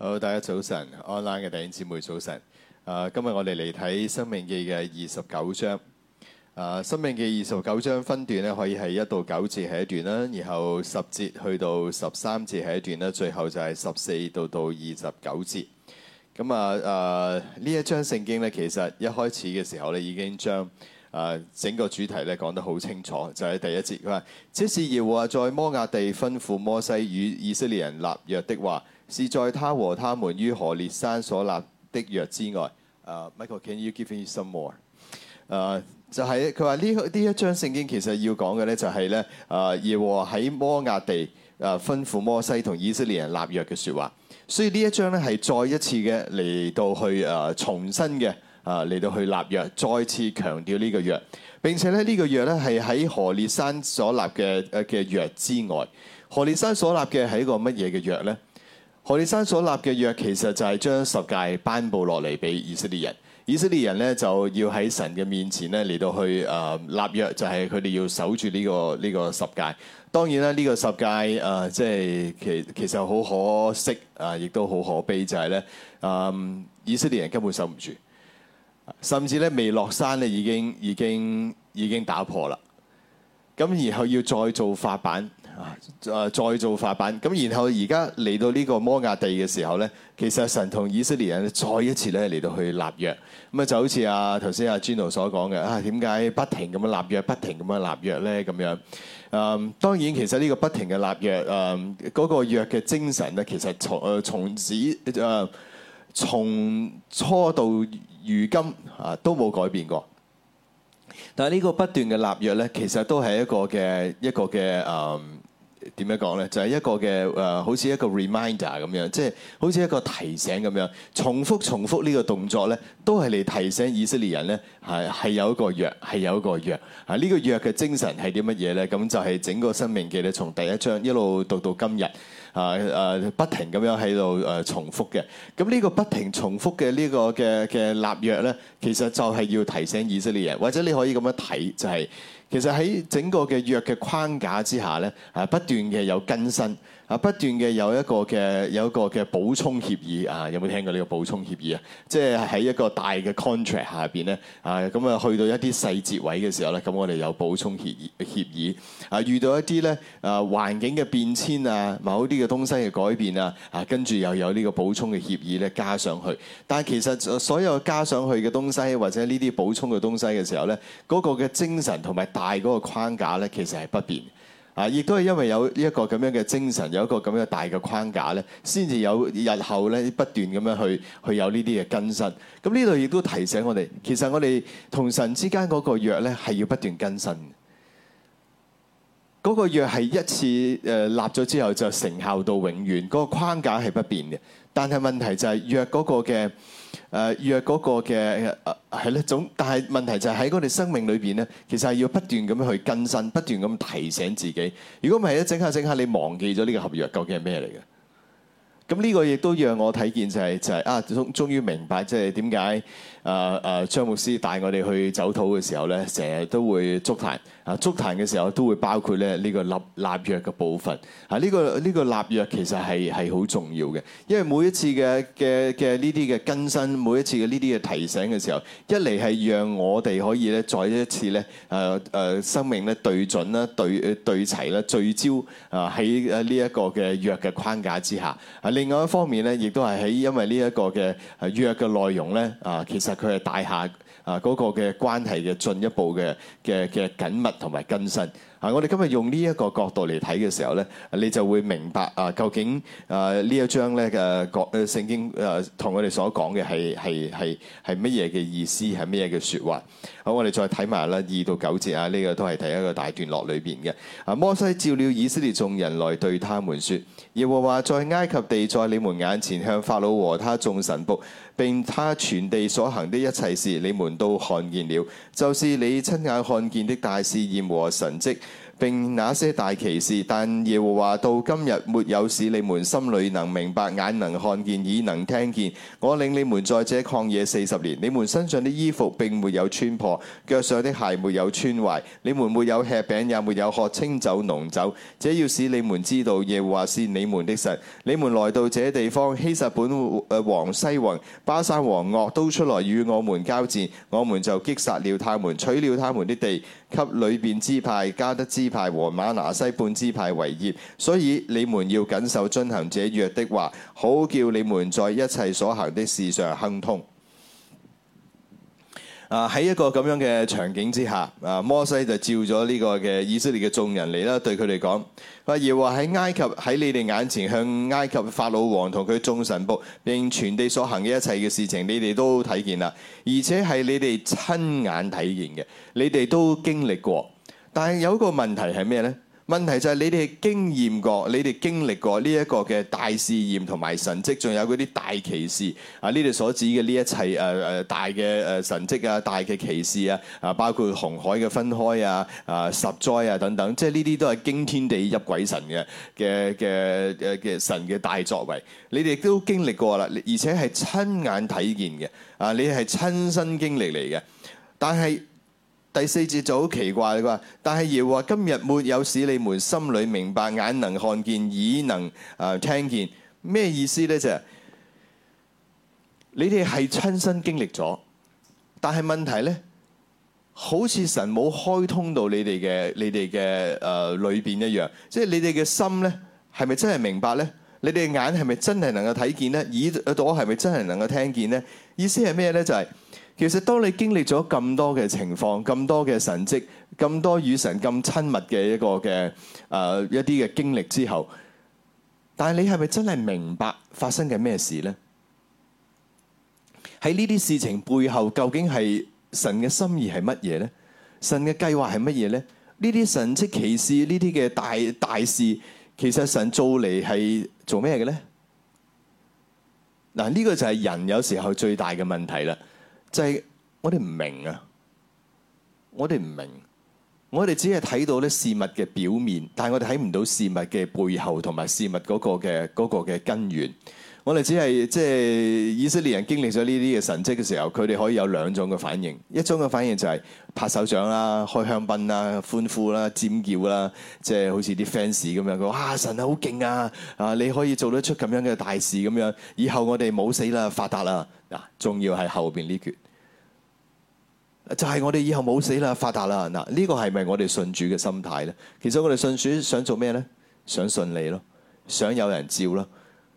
好，大家早晨安 n 嘅弟兄姊妹早晨。啊，今日我哋嚟睇《生命記》嘅二十九章。啊，《生命記》二十九章分段咧，可以係一到九節係一段啦，然後十節去到十三節係一段啦，最後就係十四度到二十九節。咁啊，誒呢一章聖經咧，其實一開始嘅時候咧，已經將誒整個主題咧講得好清楚，就喺、是、第一節佢話：，即使要和在摩亞地吩咐摩西與以色列人立約的話。是在他和他們於何烈山所立的約之外。Michael, can you give me some more？、呃、就係佢話呢，呢一章聖經其實要講嘅呢，就係、是、呢：啊，耶和華喺摩亞地啊吩咐摩西同以色列人立約嘅説話。所以呢一章呢係再一次嘅嚟到去啊重新嘅啊嚟到去立約，再次強調呢個約。並且呢呢個約呢，係、這、喺、個、何烈山所立嘅嘅約之外。何烈山所立嘅係一個乜嘢嘅約呢？何烈山所立嘅約，其實就係將十誡頒布落嚟俾以色列人。以色列人呢，就要喺神嘅面前呢嚟到去誒立約，就係佢哋要守住呢個呢個十誡。當然啦，呢個十誡誒即係其其實好可惜啊，亦都好可悲，就係咧誒以色列人根本守唔住，甚至咧未落山咧已經已經已經打破啦。咁然後要再做法版。啊！再做法版咁，然後而家嚟到呢個摩亞地嘅時候咧，其實神同以色列人再一次咧嚟到去立約。咁啊，就好似啊頭先阿 Gino 所講嘅啊，點解不停咁樣立約，不停咁樣立約咧？咁樣啊，當然其實呢個不停嘅立約啊，嗰個約嘅精神咧，其實從從此啊從初到如今啊都冇改變過。但係呢個不斷嘅立約咧，其實都係一個嘅一個嘅啊。點樣講呢？就係、是、一個嘅誒、呃，好似一個 reminder 咁樣，即係好似一個提醒咁樣、就是、樣，重複重複呢個動作呢，都係嚟提醒以色列人呢，係係有一個約，係有一個約啊！呢、這個約嘅精神係啲乜嘢呢？咁就係整個申命記咧，從第一章一路讀到今日啊啊，不停咁樣喺度誒重複嘅。咁呢個不停重複嘅呢、這個嘅嘅立約呢，其實就係要提醒以色列人，或者你可以咁樣睇，就係、是。其實喺整個嘅約嘅框架之下咧，誒不斷嘅有更新。啊，不斷嘅有一個嘅有一個嘅補充協議啊，有冇聽過呢個補充協議啊？即係喺一個大嘅 contract 下邊咧，啊咁啊去到一啲細節位嘅時候咧，咁我哋有補充協議協議啊，遇到一啲咧啊環境嘅變遷啊，某啲嘅東西嘅改變啊，啊跟住又有呢個補充嘅協議咧加上去。但係其實所有加上去嘅東西，或者呢啲補充嘅東西嘅時候咧，嗰個嘅精神同埋大嗰個框架咧，其實係不變。啊！亦都係因為有呢一個咁樣嘅精神，有一個咁樣嘅大嘅框架咧，先至有日後咧不斷咁樣去去有呢啲嘅更新。咁呢度亦都提醒我哋，其實我哋同神之間嗰個約咧係要不斷更新嘅。嗰個約係一次誒立咗之後就成效到永遠，嗰個框架係不變嘅。但係問題就係約嗰個嘅。誒預約嗰個嘅係咧，總但係問題就係喺我哋生命裏邊咧，其實係要不斷咁樣去更新，不斷咁提醒自己。如果唔係，一整下整下，你忘記咗呢個合約究竟係咩嚟嘅？咁呢個亦都讓我睇見就係、就係、啊，終終於明白即係點解。誒誒張牧師帶我哋去走土嘅時候咧，成日都會祝壇啊，祝壇嘅時候都會包括咧呢個立立約嘅部分啊，呢個呢個立約其實係係好重要嘅，因為每一次嘅嘅嘅呢啲嘅更新，每一次嘅呢啲嘅提醒嘅時候，一嚟係讓我哋可以咧再一次咧誒誒生命咧對準啦、對對齊啦、聚焦啊喺呢一個嘅約嘅框架之下啊，另外一方面咧，亦都係喺因為呢一個嘅約嘅內容咧啊，其實。實佢係大下啊嗰個嘅關係嘅進一步嘅嘅嘅緊密同埋更新啊！我哋今日用呢一個角度嚟睇嘅時候咧，你就會明白啊，究竟啊呢一章咧嘅聖經啊同我哋所講嘅係係係係乜嘢嘅意思，係乜嘢嘅說話？好，我哋再睇埋啦，二到九節啊，呢、這個都係第一個大段落裏邊嘅。啊，摩西召了以色列眾人來對他們說：耶和華在埃及地，在你們眼前向法老和他眾臣僕。並他全地所行的一切事，你們都看見了，就是你親眼看見的大試驗和神蹟。並那些大奇事，但耶和華到今日沒有使你們心裏能明白、眼能看見、耳能聽見。我領你們在這曠野四十年，你們身上的衣服並沒有穿破，腳上的鞋沒有穿壞，你們沒有吃餅，也沒有喝清酒濃酒。這要使你們知道耶和華是你們的神。你們來到這地方，希實本王西宏、巴珊王惡都出來與我們交戰，我們就擊殺了他們，取了他們的地，給裏面支派加得支派和馬拿西半支派為業，所以你們要謹守遵行這約的話，好叫你們在一切所行的事上亨通。啊，喺一個咁樣嘅場景之下，啊，摩西就召咗呢個嘅以色列嘅眾人嚟啦，對佢哋講：阿耶和華喺埃及喺你哋眼前向埃及法老王同佢眾神僕，並全地所行嘅一切嘅事情，你哋都睇見啦，而且係你哋親眼睇見嘅，你哋都經歷過。但係有一個問題係咩呢？問題就係你哋經驗過、你哋經歷過呢一個嘅大試驗同埋神蹟，仲有嗰啲大奇事啊！呢度所指嘅呢一切誒誒大嘅誒神蹟啊、大嘅奇事啊啊，包括紅海嘅分開啊、啊十災啊等等，即係呢啲都係驚天地泣鬼神嘅嘅嘅嘅神嘅大作為。你哋都經歷過啦，而且係親眼睇見嘅啊！你係親身經歷嚟嘅，但係。第四節就好奇怪，嘅話：但係，耶和華今日沒有使你們心裏明白，眼能看見，耳能啊聽見。咩意思咧？就係你哋係親身經歷咗，但係問題咧，好似神冇開通到你哋嘅，你哋嘅誒裏邊一樣。即係你哋嘅心咧，係咪真係明白咧？你哋眼係咪真係能夠睇見咧？耳朵係咪真係能夠聽見咧？意思係咩咧？就係。其實當你經歷咗咁多嘅情況、咁多嘅神蹟、咁多與神咁親密嘅一個嘅誒、呃、一啲嘅經歷之後，但係你係咪真係明白發生嘅咩事咧？喺呢啲事情背後究竟係神嘅心意係乜嘢咧？神嘅計劃係乜嘢咧？呢啲神蹟奇事，呢啲嘅大大事，其實神做嚟係做咩嘅咧？嗱，呢，這個就係人有時候最大嘅問題啦。就係我哋唔明啊！我哋唔明，我哋只係睇到咧事物嘅表面，但係我哋睇唔到事物嘅背後同埋事物嗰個嘅嗰個嘅根源。我哋只係即係以色列人經歷咗呢啲嘅神跡嘅時候，佢哋可以有兩種嘅反應。一種嘅反應就係拍手掌啦、開香檳啦、歡呼啦、尖叫啦，即係好似啲 fans 咁樣。佢話、啊：神好勁啊！啊，你可以做得出咁樣嘅大事咁樣。以後我哋冇死啦，發達啦。嗱，仲要係後邊呢橛，就係、是、我哋以後冇死啦，發達啦。嗱，呢個係咪我哋信主嘅心態咧？其實我哋信主想做咩咧？想順利咯，想有人照咯。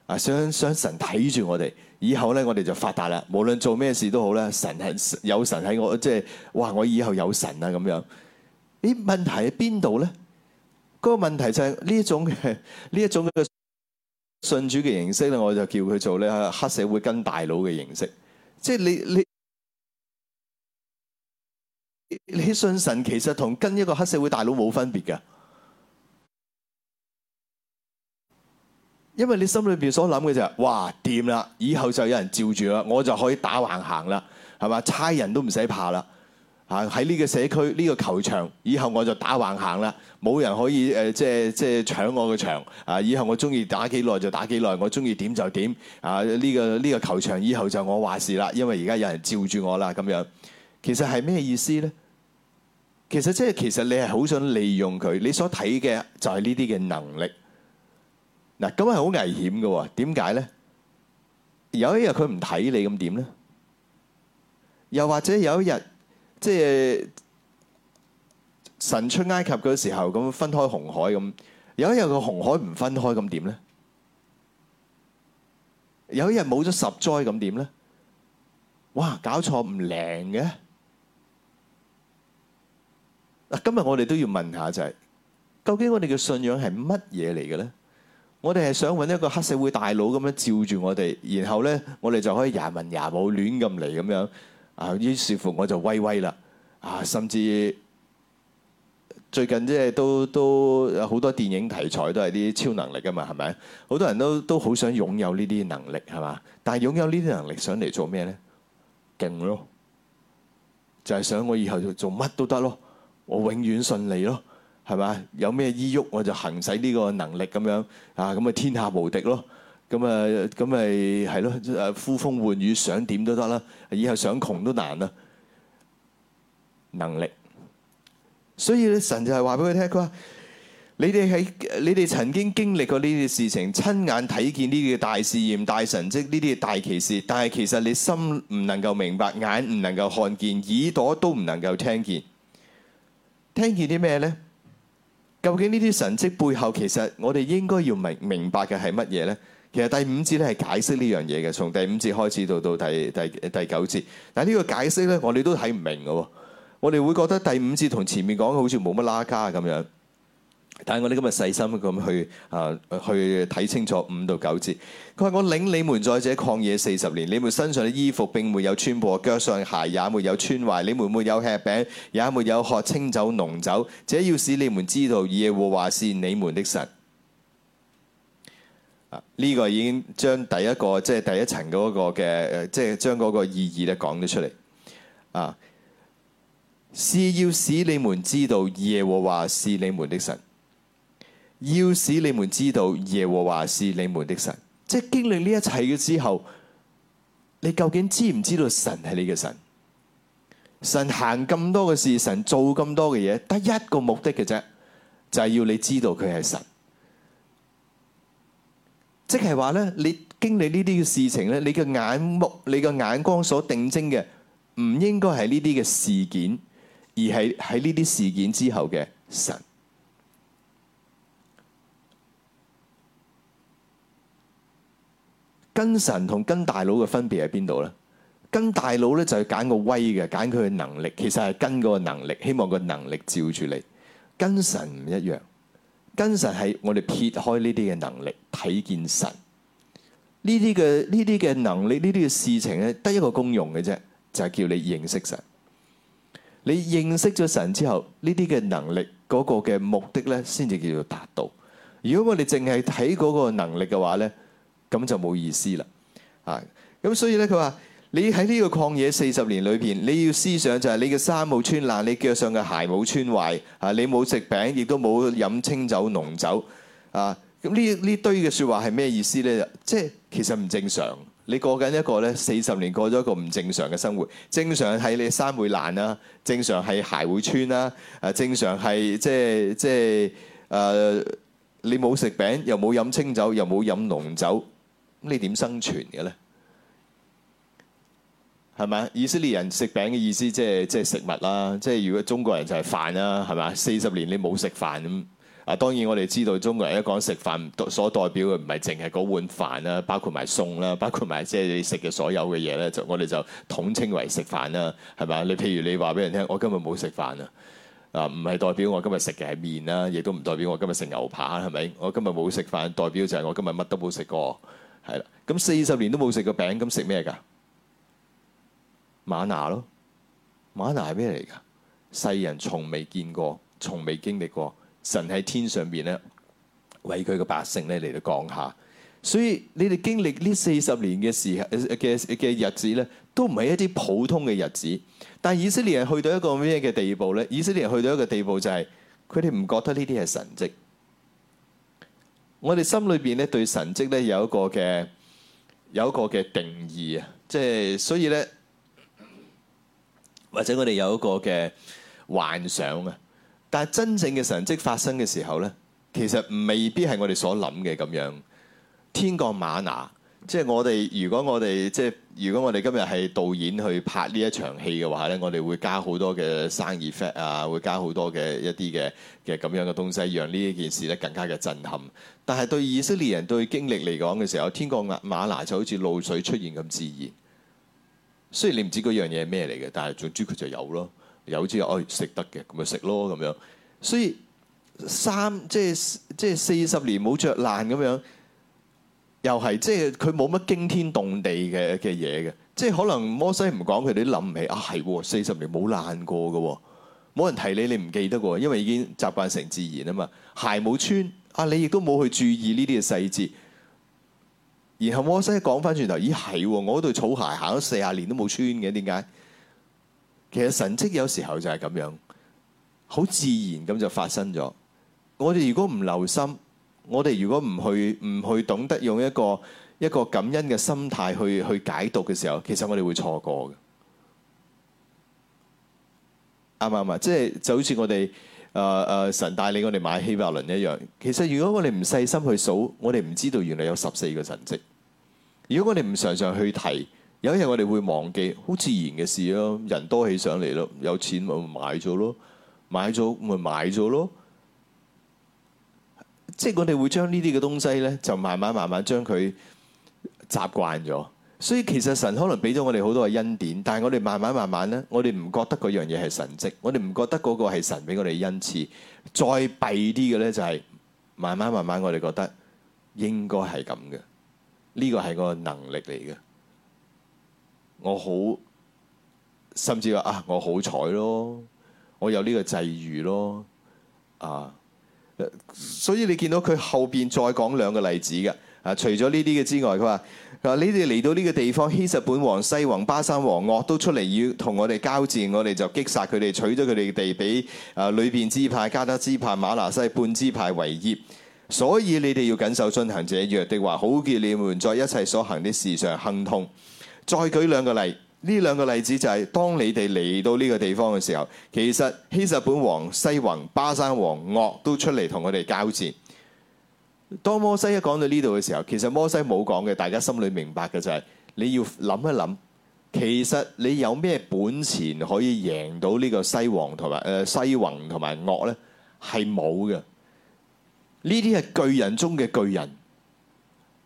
啊！想想神睇住我哋，以後咧我哋就發達啦。無論做咩事都好咧，神係有神喺我，即係哇！我以後有神啊咁樣。咦，問題喺邊度咧？個問題就係呢一種嘅呢一種嘅信主嘅形式咧，我就叫佢做咧黑社會跟大佬嘅形式。即係你你你信神，其實同跟、跟一個黑社會大佬冇分別嘅。因為你心裏邊所諗嘅，就係，哇，掂啦，以後就有人照住啦，我就可以打橫行啦，係嘛？差人都唔使怕啦，啊，喺呢個社區呢個球場，以後我就打橫行啦，冇人可以誒，即係即係搶我嘅場，啊，以後我中意打幾耐就打幾耐，我中意點就點，啊，呢個呢個球場以後就我話事啦，因為而家有人照住我啦，咁樣，其實係咩意思呢？其實即係其實你係好想利用佢，你所睇嘅就係呢啲嘅能力。嗱，咁係好危險嘅喎？點解咧？有一日佢唔睇你咁點咧？又或者有一日，即係神出埃及嗰時候咁，分開紅海咁。有一日個紅海唔分開咁點咧？有一日冇咗十災咁點咧？哇！搞錯唔靈嘅。嗱，今日我哋都要問下就係，究竟我哋嘅信仰係乜嘢嚟嘅咧？我哋係想搵一個黑社會大佬咁樣罩住我哋，然後呢，我哋就可以牙文牙武亂咁嚟咁樣。於是乎我就威威啦啊！甚至最近都都有好多電影題材都係啲超能力㗎嘛，係咪？好多人都都好想擁有呢啲能力係嘛？但係擁有呢啲能力想嚟做咩呢？勁咯！就係想我以後做做乜都得咯，我永遠順利咯。係嘛？有咩依鬱我就行使呢個能力咁樣啊！咁啊天下無敵咯！咁啊咁咪係咯？呼風喚雨，想點都得啦！以後想窮都難啦！能力，所以咧神就係話俾佢聽，佢話你哋喺你哋曾經經歷過呢啲事情，親眼睇見呢啲大試驗、大神蹟、呢啲大奇事，但係其實你心唔能夠明白，眼唔能夠看見，耳朵都唔能夠聽見，聽見啲咩咧？究竟呢啲神蹟背後，其實我哋應該要明明白嘅係乜嘢咧？其實第五節咧係解釋呢樣嘢嘅，從第五節開始到第第第九節。但呢個解釋咧，我哋都睇唔明嘅。我哋會覺得第五節同前面講嘅好似冇乜拉卡咁樣。但係我哋今日細心咁去啊去睇清楚五到九節，佢話我領你們在這曠野四十年，你們身上嘅衣服並沒有穿破，腳上鞋也沒有穿壞，你們沒有吃餅，也沒有喝清酒濃酒，這要使你們知道耶和華是你們的神。啊，呢、這個已經將第一個即係、就是、第一層嗰個嘅即係將嗰個意義咧講咗出嚟。啊，是要使你們知道耶和華是你們的神。要使你們知道耶和華是你們的神，即係經歷呢一切嘅之後，你究竟知唔知道神係你嘅神？神行咁多嘅事，神做咁多嘅嘢，得一個目的嘅啫，就係、是、要你知道佢係神。即係話呢，你經歷呢啲嘅事情咧，你嘅眼目、你嘅眼光所定睛嘅，唔應該係呢啲嘅事件，而係喺呢啲事件之後嘅神。跟神同跟大佬嘅分別喺邊度呢？跟大佬呢，就係揀個威嘅，揀佢嘅能力，其實係跟嗰個能力，希望個能力照住你。跟神唔一樣，跟神係我哋撇開呢啲嘅能力，睇見神。呢啲嘅呢啲嘅能力，呢啲嘅事情咧，得一個功用嘅啫，就係叫你認識神。你認識咗神之後，呢啲嘅能力嗰個嘅目的呢，先至叫做達到。如果我哋淨係睇嗰個能力嘅話呢，咁就冇意思啦，啊！咁所以呢，佢話：你喺呢個曠野四十年裏邊，你要思想就係你嘅衫冇穿爛，你腳上嘅鞋冇穿壞，啊！你冇食餅，亦都冇飲清酒濃酒，啊！咁呢呢堆嘅説話係咩意思呢？即係其實唔正常。你過緊一個咧四十年過咗一個唔正常嘅生活。正常係你衫會爛啦，正常係鞋會穿啦，啊！正常係即係即係誒、呃，你冇食餅，又冇飲清酒，又冇飲濃酒。咁你點生存嘅咧？係咪？以色列人食餅嘅意思即係即係食物啦。即係如果中國人就係飯啦，係咪？四十年你冇食飯咁啊，當然我哋知道中國人一講食飯，所代表嘅唔係淨係嗰碗飯啦，包括埋餸啦，包括埋即係你食嘅所有嘅嘢咧，就我哋就統稱為食飯啦，係咪？你譬如你話俾人聽，我今日冇食飯啊，啊唔係代表我今日食嘅係麵啦，亦都唔代表我今日食牛扒，係咪？我今日冇食飯，代表就係我今日乜都冇食過。係啦，咁四十年都冇食過餅，咁食咩噶？瑪拿咯，瑪拿係咩嚟噶？世人從未見過，從未經歷過，神喺天上邊咧，為佢嘅百姓咧嚟到講下，所以你哋經歷呢四十年嘅時候嘅嘅日子咧，都唔係一啲普通嘅日子。但以色列人去到一個咩嘅地步咧？以色列人去到一個地步就係、是，佢哋唔覺得呢啲係神蹟。我哋心裏邊咧對神蹟咧有一個嘅有一個嘅定義啊，即係所以咧或者我哋有一個嘅幻想啊，但係真正嘅神蹟發生嘅時候咧，其實未必係我哋所諗嘅咁樣，天降馬拿。即係我哋，如果我哋即係如果我哋今日係導演去拍呢一場戲嘅話咧，我哋會加好多嘅聲音 effect 啊，會加好多嘅一啲嘅嘅咁樣嘅東西，讓呢一件事咧更加嘅震撼。但係對以色列人對經歷嚟講嘅時候，天降馬，馬拿就好似露水出現咁自然。雖然你唔知嗰樣嘢係咩嚟嘅，但係總之佢就有咯，有之後我食得嘅咁咪食咯咁樣。所以三即係即係四十年冇着爛咁樣。又係，即係佢冇乜驚天動地嘅嘅嘢嘅，即係可能摩西唔講，佢哋都諗唔起。啊，係四十年冇爛過嘅，冇人提你，你唔記得喎，因為已經習慣成自然啊嘛。鞋冇穿，啊你亦都冇去注意呢啲嘅細節。然後摩西講翻轉頭，咦係，我對草鞋行咗四十年都冇穿嘅，點解？其實神蹟有時候就係咁樣，好自然咁就發生咗。我哋如果唔留心。我哋如果唔去唔去懂得用一個一個感恩嘅心態去去解讀嘅時候，其實我哋會錯過嘅。啱唔啱啊？即係就好似我哋誒誒，神帶領我哋買希伯倫一樣。其實如果我哋唔細心去數，我哋唔知道原來有十四個神蹟。如果我哋唔常常去提，有一日我哋會忘記好自然嘅事咯。人多起上嚟咯，有錢咪買咗咯，買咗咪買咗咯。買即係我哋會將呢啲嘅東西呢，就慢慢慢慢將佢習慣咗。所以其實神可能俾咗我哋好多嘅恩典，但係我哋慢慢慢慢呢，我哋唔覺得嗰樣嘢係神跡，我哋唔覺得嗰個係神俾我哋恩賜。再弊啲嘅呢，就係慢慢慢慢我哋覺得應該係咁嘅，呢個係個能力嚟嘅。我好甚至話啊，我好彩咯，我有呢個際遇咯，啊。所以你見到佢後邊再講兩個例子嘅，啊，除咗呢啲嘅之外，佢話，啊，你哋嚟到呢個地方，希實本王、西宏、巴山王、惡都出嚟要同我哋交戰，我哋就擊殺佢哋，取咗佢哋地俾啊里邊支派、加德支派、馬拿西半支派為業，所以你哋要謹守進行這約的話，好叫你們在一切所行的事上亨通。再舉兩個例。呢兩個例子就係，是，當你哋嚟到呢個地方嘅時候，其實希實本王西宏、巴山王鄂都出嚟同我哋交戰。當摩西一講到呢度嘅時候，其實摩西冇講嘅，大家心裏明白嘅就係，是，你要諗一諗，其實你有咩本錢可以贏到呢個西王同埋西宏同埋鄂呢？係冇嘅。呢啲係巨人中嘅巨人。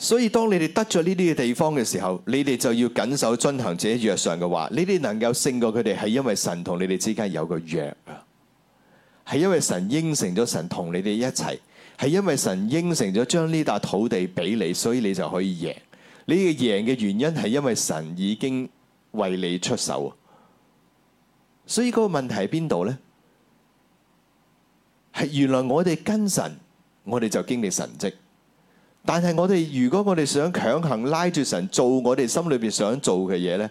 所以當你哋得咗呢啲嘅地方嘅時候，你哋就要謹守遵行自己的約上嘅話。你哋能夠勝過佢哋，係因為神同你哋之間有個約啊，係因為神應承咗神同你哋一齊，係因為神應承咗將呢笪土地俾你，所以你就可以贏。你嘅贏嘅原因係因為神已經為你出手。所以嗰個問題喺邊度呢？係原來我哋跟神，我哋就經歷神蹟。但係我哋，如果我哋想強行拉住神做我哋心裏邊想做嘅嘢呢，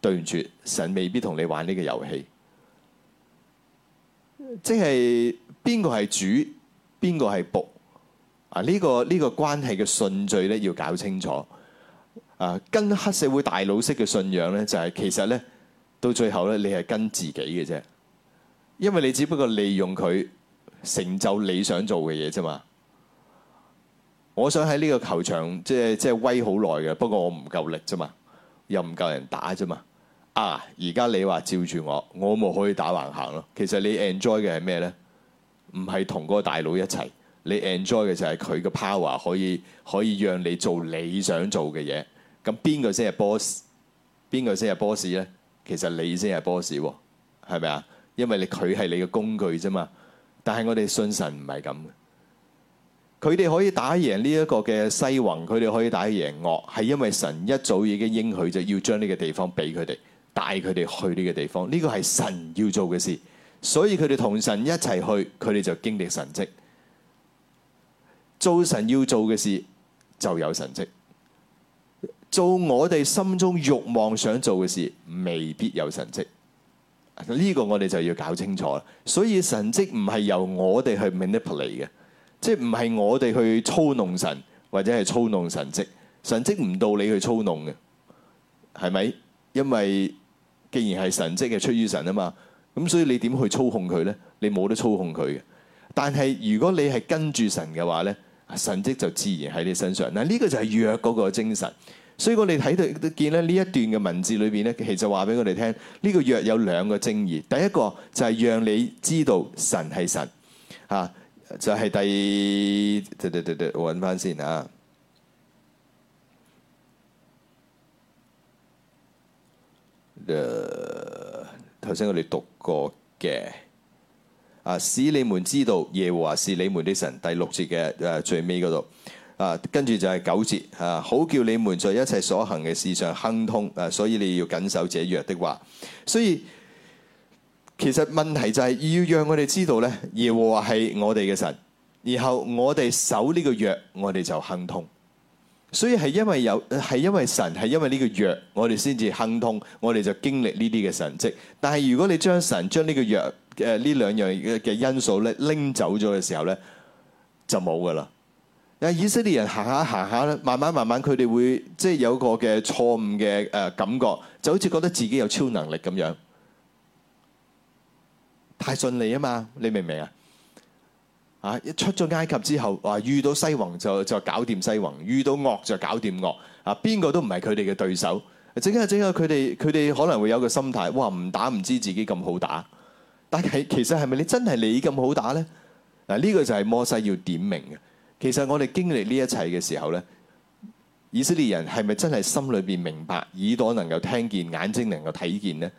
對唔住，神未必同你玩呢個遊戲。即係邊個係主，邊個係僕啊？呢個呢個關係嘅順序呢，要搞清楚啊！跟黑社會大佬式嘅信仰呢，就係其實呢，到最後呢，你係跟自己嘅啫，因為你只不過利用佢成就你想做嘅嘢啫嘛。我想喺呢個球場即係即係威好耐嘅，不過我唔夠力啫嘛，又唔夠人打啫嘛。啊，而家你話照住我，我咪可以打橫行咯。其實你 enjoy 嘅係咩呢？唔係同嗰個大佬一齊，你 enjoy 嘅就係佢嘅 power 可以可以讓你做你想做嘅嘢。咁邊個先係 boss？邊個先係 boss 呢？其實你先係 boss，係咪啊？因為佢係你嘅工具啫嘛。但係我哋信神唔係咁。佢哋可以打贏呢一個嘅西宏，佢哋可以打贏噩，係因為神一早已經應許就要將呢個地方俾佢哋，帶佢哋去呢個地方。呢個係神要做嘅事，所以佢哋同神一齊去，佢哋就經歷神跡。做神要做嘅事就有神跡，做我哋心中慾望想做嘅事未必有神跡。呢個我哋就要搞清楚啦。所以神跡唔係由我哋去 manipulate 嘅。即係唔係我哋去操弄神，或者係操弄神蹟，神蹟唔到你去操弄嘅，係咪？因為既然係神蹟嘅，出於神啊嘛，咁所以你點去操控佢呢？你冇得操控佢嘅。但係如果你係跟住神嘅話呢，神蹟就自然喺你身上。嗱，呢個就係約嗰個精神。所以我哋睇到見呢一段嘅文字裏邊呢，其實話俾我哋聽，呢、這個約有兩個正義。第一個就係讓你知道神係神，就係第，就就就就，我揾翻先啊。頭先我哋讀過嘅，使你們知道耶和華是你們的神。第六節嘅最尾嗰度，跟住就係九節，啊，好叫你們在一切所行嘅事上亨通，啊，所以你要謹守這約的話，所以。其實問題就係要讓我哋知道咧，耶和華係我哋嘅神，然後我哋守呢個約，我哋就亨通。所以係因為有，係因為神，係因為呢個約，我哋先至亨通，我哋就經歷呢啲嘅神跡。但係如果你將神、將呢個約誒呢兩樣嘅因素咧拎走咗嘅時候咧，就冇噶啦。啊，以色列人行下行下咧，慢慢慢慢佢哋會即係、就是、有個嘅錯誤嘅誒感覺，就好似覺得自己有超能力咁樣。太順利啊嘛，你明唔明啊？啊，一出咗埃及之後，話遇到西宏就就搞掂西宏，遇到噩就搞掂噩，啊邊個都唔係佢哋嘅對手。整下整下佢哋，佢哋可能會有個心態，哇唔打唔知道自己咁好打，但係其實係咪你真係你咁好打呢？嗱、這、呢個就係摩西要點明嘅。其實我哋經歷呢一切嘅時候呢，以色列人係咪真係心裏邊明白耳朵能夠聽見，眼睛能夠睇見呢？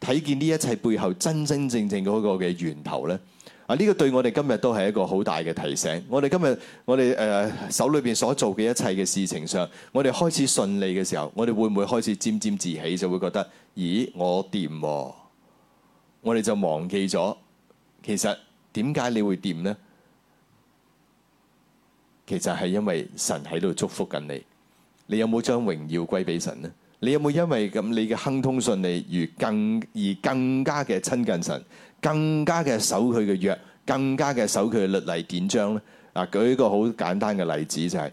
睇見呢一切背後真真正正嗰個嘅源頭呢，啊呢、這個對我哋今日都係一個好大嘅提醒。我哋今日我哋誒、呃、手裏邊所做嘅一切嘅事情上，我哋開始順利嘅時候，我哋會唔會開始沾沾自喜，就會覺得咦我掂？我哋、啊、就忘記咗，其實點解你會掂呢？其實係因為神喺度祝福緊你，你有冇將榮耀歸俾神呢？你有冇因為咁你嘅亨通順利而更而更加嘅親近神，更加嘅守佢嘅約，更加嘅守佢嘅律例典章呢？啊，舉一個好簡單嘅例子就係，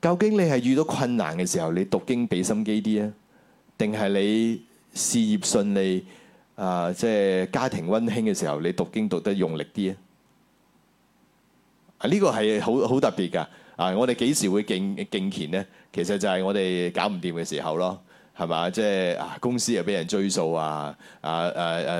究竟你係遇到困難嘅時候，你讀經俾心機啲啊，定係你事業順利啊，即係家庭溫馨嘅時候，你讀經讀得用力啲啊？啊，呢個係好好特別噶啊！我哋幾時會敬敬虔呢？其實就係我哋搞唔掂嘅時候咯，係嘛？即係公司又俾人追數啊，啊誒誒、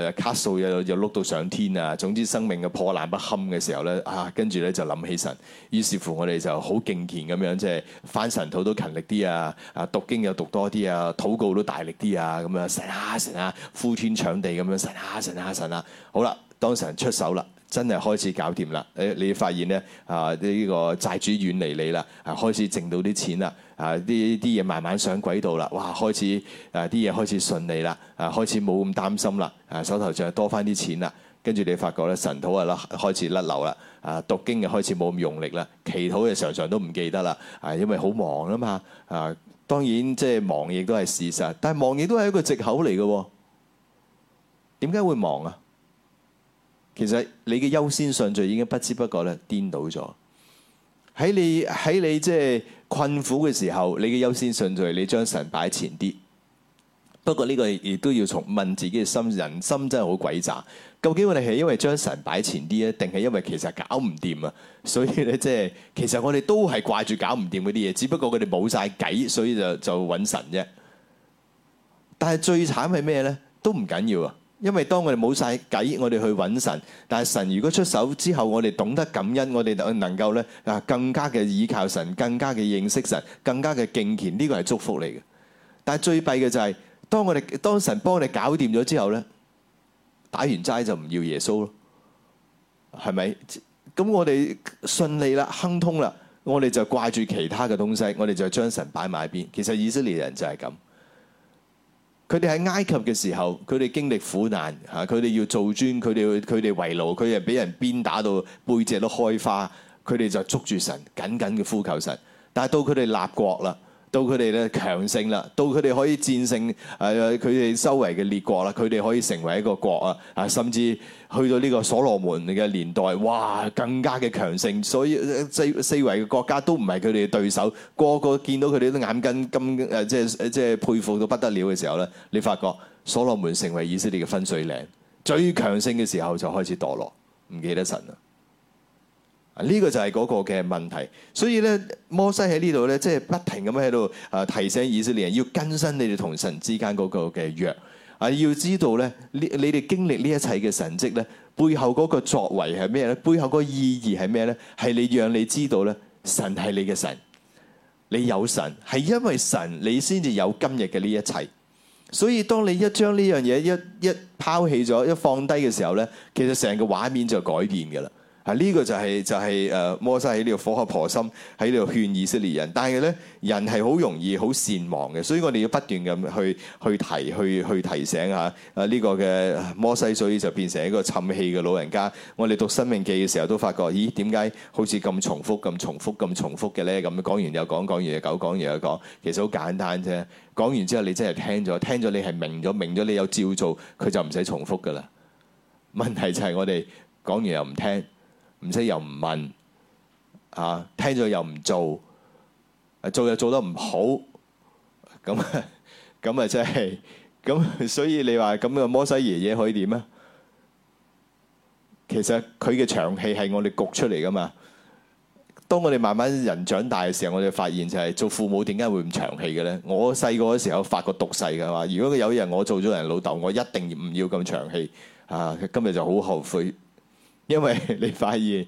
啊、卡數又又碌到上天啊！總之生命嘅破爛不堪嘅時候咧，啊跟住咧就諗起神，於是乎我哋就好敬虔咁樣，即係返神土都勤力啲啊，啊讀經又讀多啲啊，禱告都大力啲啊，咁樣神啊神啊呼天搶地咁樣神啊神啊神啊！神啊神啊神啊，好啦，當神出手啦。真係開始搞掂啦！誒，你發現咧啊，呢個債主遠離你啦，開始剩到啲錢啦，啊，啲啲嘢慢慢上軌道啦，哇，開始誒啲嘢開始順利啦，啊，開始冇咁擔心啦，啊，手頭上多翻啲錢啦，跟住你發覺咧，神禱啊，開始甩漏啦，啊，讀經又開始冇咁用力啦，祈禱嘅常常都唔記得啦，啊，因為好忙啊嘛，啊，當然即係忙亦都係事實，但係忙亦都係一個藉口嚟嘅，點解會忙啊？其實你嘅優先順序已經不知不覺咧顛倒咗。喺你喺你即係、就是、困苦嘅時候，你嘅優先順序你將神擺前啲。不過呢個亦都要從問自己嘅心，人心真係好詭詐。究竟我哋係因為將神擺前啲，定係因為其實搞唔掂啊？所以呢，即、就是、其實我哋都係掛住搞唔掂嗰啲嘢，只不過佢哋冇晒計，所以就就揾神啫。但係最慘係咩呢？都唔緊要。因為當我哋冇晒計，我哋去揾神。但係神如果出手之後，我哋懂得感恩，我哋就能夠咧啊，更加嘅倚靠神，更加嘅認識神，更加嘅敬虔。呢個係祝福嚟嘅。但係最弊嘅就係、是，當我哋當神幫我哋搞掂咗之後咧，打完齋就唔要耶穌咯，係咪？咁我哋順利啦，亨通啦，我哋就掛住其他嘅東西，我哋就將神擺埋一邊。其實以色列人就係咁。佢哋喺埃及嘅時候，佢哋經歷苦難嚇，佢哋要做磚，佢哋佢哋為奴，佢哋俾人鞭打到背脊都開花，佢哋就捉住神，緊緊嘅呼求神，但係到佢哋立國啦到佢哋咧強盛啦，到佢哋可以戰勝誒佢哋周圍嘅列國啦，佢哋可以成為一個國啊，甚至去到呢個所羅門嘅年代，哇，更加嘅強盛，所以四四圍嘅國家都唔係佢哋嘅對手，個個見到佢哋都眼跟咁誒，即係即係佩服到不得了嘅時候咧，你發覺所羅門成為以色列嘅分水嶺，最強盛嘅時候就開始墮落，唔記得神啦。呢個就係嗰個嘅問題，所以咧摩西喺呢度咧，即係不停咁喺度啊提醒以色列人，要更新你哋同神之間嗰個嘅約啊，要知道咧，你你哋經歷呢一切嘅神蹟咧，背後嗰個作為係咩咧？背後嗰個意義係咩咧？係你讓你知道咧，神係你嘅神，你有神係因為神你先至有今日嘅呢一切，所以當你一將呢樣嘢一一拋棄咗，一放低嘅時候咧，其實成個畫面就改變噶啦。啊！呢個就係就係誒摩西喺呢度苦口婆心，喺呢度勸以色列人，但係咧人係好容易好善忘嘅，所以我哋要不斷咁去去提、去去提醒下啊呢個嘅摩西，所以就變成一個長氣嘅老人家。我哋讀《申命記》嘅時候都發覺，咦點解好似咁重複、咁重複、咁重複嘅咧？咁講完又講，講完又講，講完又講，其實好簡單啫。講完之後你真係聽咗，聽咗你係明咗，明咗你有照做，佢就唔使重複㗎喇。問題就係我哋講完又唔聽。唔識又唔問，嚇聽咗又唔做，做又做得唔好，咁咁啊真係，咁、就是、所以你話咁嘅摩西爺爺可以點啊？其實佢嘅長氣係我哋焗出嚟噶嘛。當我哋慢慢人長大嘅時候，我哋發現就係做父母點解會咁長氣嘅咧？我細個嗰時候發過毒誓嘅，係嘛？如果有一日我做咗人老豆，我一定唔要咁長氣啊！今日就好後悔。因為你發現，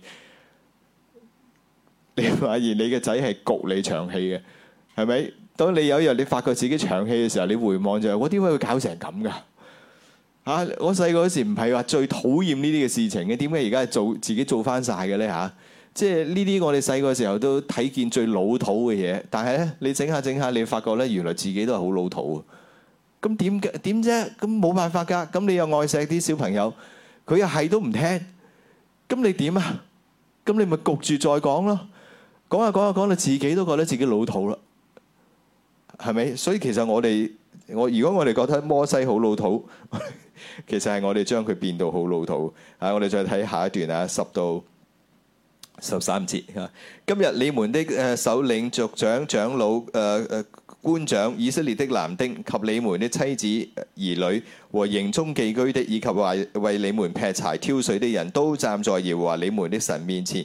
你發現你個仔係焗你長氣嘅，係咪？當你有一日你發覺自己長氣嘅時候，你回望就係我點解會搞成咁噶？啊！我細個嗰時唔係話最討厭呢啲嘅事情嘅，點解而家係做自己做翻晒嘅咧？吓、啊，即係呢啲我哋細個時候都睇見最老土嘅嘢，但係咧你整下整下，你發覺咧原來自己都係好老土啊！咁點點啫？咁冇辦法噶，咁你又愛錫啲小朋友，佢又係都唔聽。咁你點啊？咁你咪焗住再講咯。講下講下講，你自己都覺得自己老土啦，係咪？所以其實我哋，我如果我哋覺得摩西好老土，其實係我哋將佢變到好老土。啊，我哋再睇下一段啊，十到十三節啊。今日你們的誒首領、族長、長老誒誒，官長、以色列的男丁及你們的妻子兒女和營中寄居的，以及為你們劈柴挑水的人都站在耶和華你們的神面前，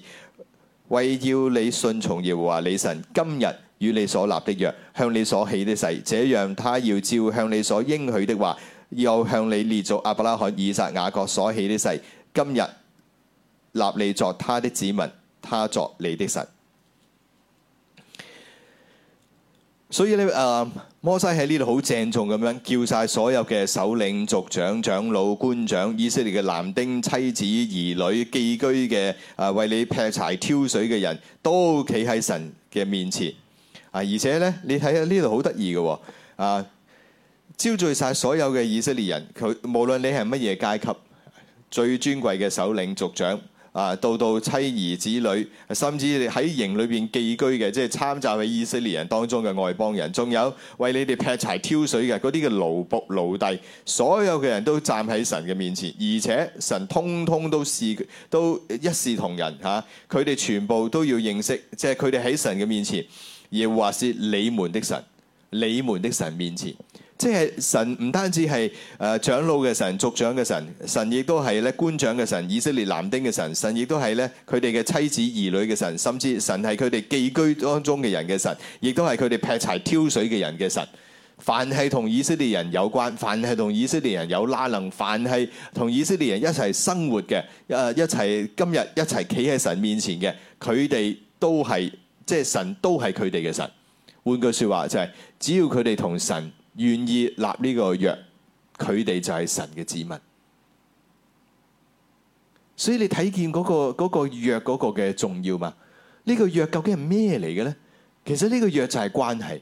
為要你順從耶和華你神，今日與你所立的約，向你所起的誓，這樣他要照向你所應許的話，又向你列祖亞伯拉罕、以撒、雅各所起的誓，今日立你作他的子民，他作你的神。所以咧，誒、啊、摩西喺呢度好鄭重咁樣叫晒所有嘅首領、族長、長老、官長、以色列嘅男丁、妻子、兒女、寄居嘅，誒、為你劈柴挑水嘅人都企喺神嘅面前啊！而且呢，你睇下呢度好得意嘅喎啊！招聚晒所有嘅以色列人，佢，無論你係乜嘢階級，最尊貴嘅首領、族長。啊，到到妻兒子女，甚至你喺營裏邊寄居嘅，即係參雜喺以色列人當中嘅外邦人，仲有為你哋劈柴挑水嘅嗰啲嘅奴僕奴隸，所有嘅人都站喺神嘅面前，而且神通通都視都一視同仁吓，佢哋全部都要認識，即係佢哋喺神嘅面前，亦或是你們的神，你們的神面前。即係神唔單止係誒長老嘅神、族長嘅神，神亦都係咧官長嘅神、以色列男丁嘅神，神亦都係咧佢哋嘅妻子、兒女嘅神，甚至神係佢哋寄居當中嘅人嘅神，亦都係佢哋劈柴挑水嘅人嘅神。凡係同以色列人有關，凡係同以，以色列人有拉能，凡係同以色列人一齊生活嘅，誒一齊今日一齊企喺神面前嘅，佢哋都係，即係神都係佢哋嘅神。換句説話就係只要佢哋同神。願意立呢個約，佢哋就係神嘅子民。所以你睇見嗰個嗰個約嗰個嘅重要嘛？呢個約究竟係咩嚟嘅咧？其實呢個約就係關係。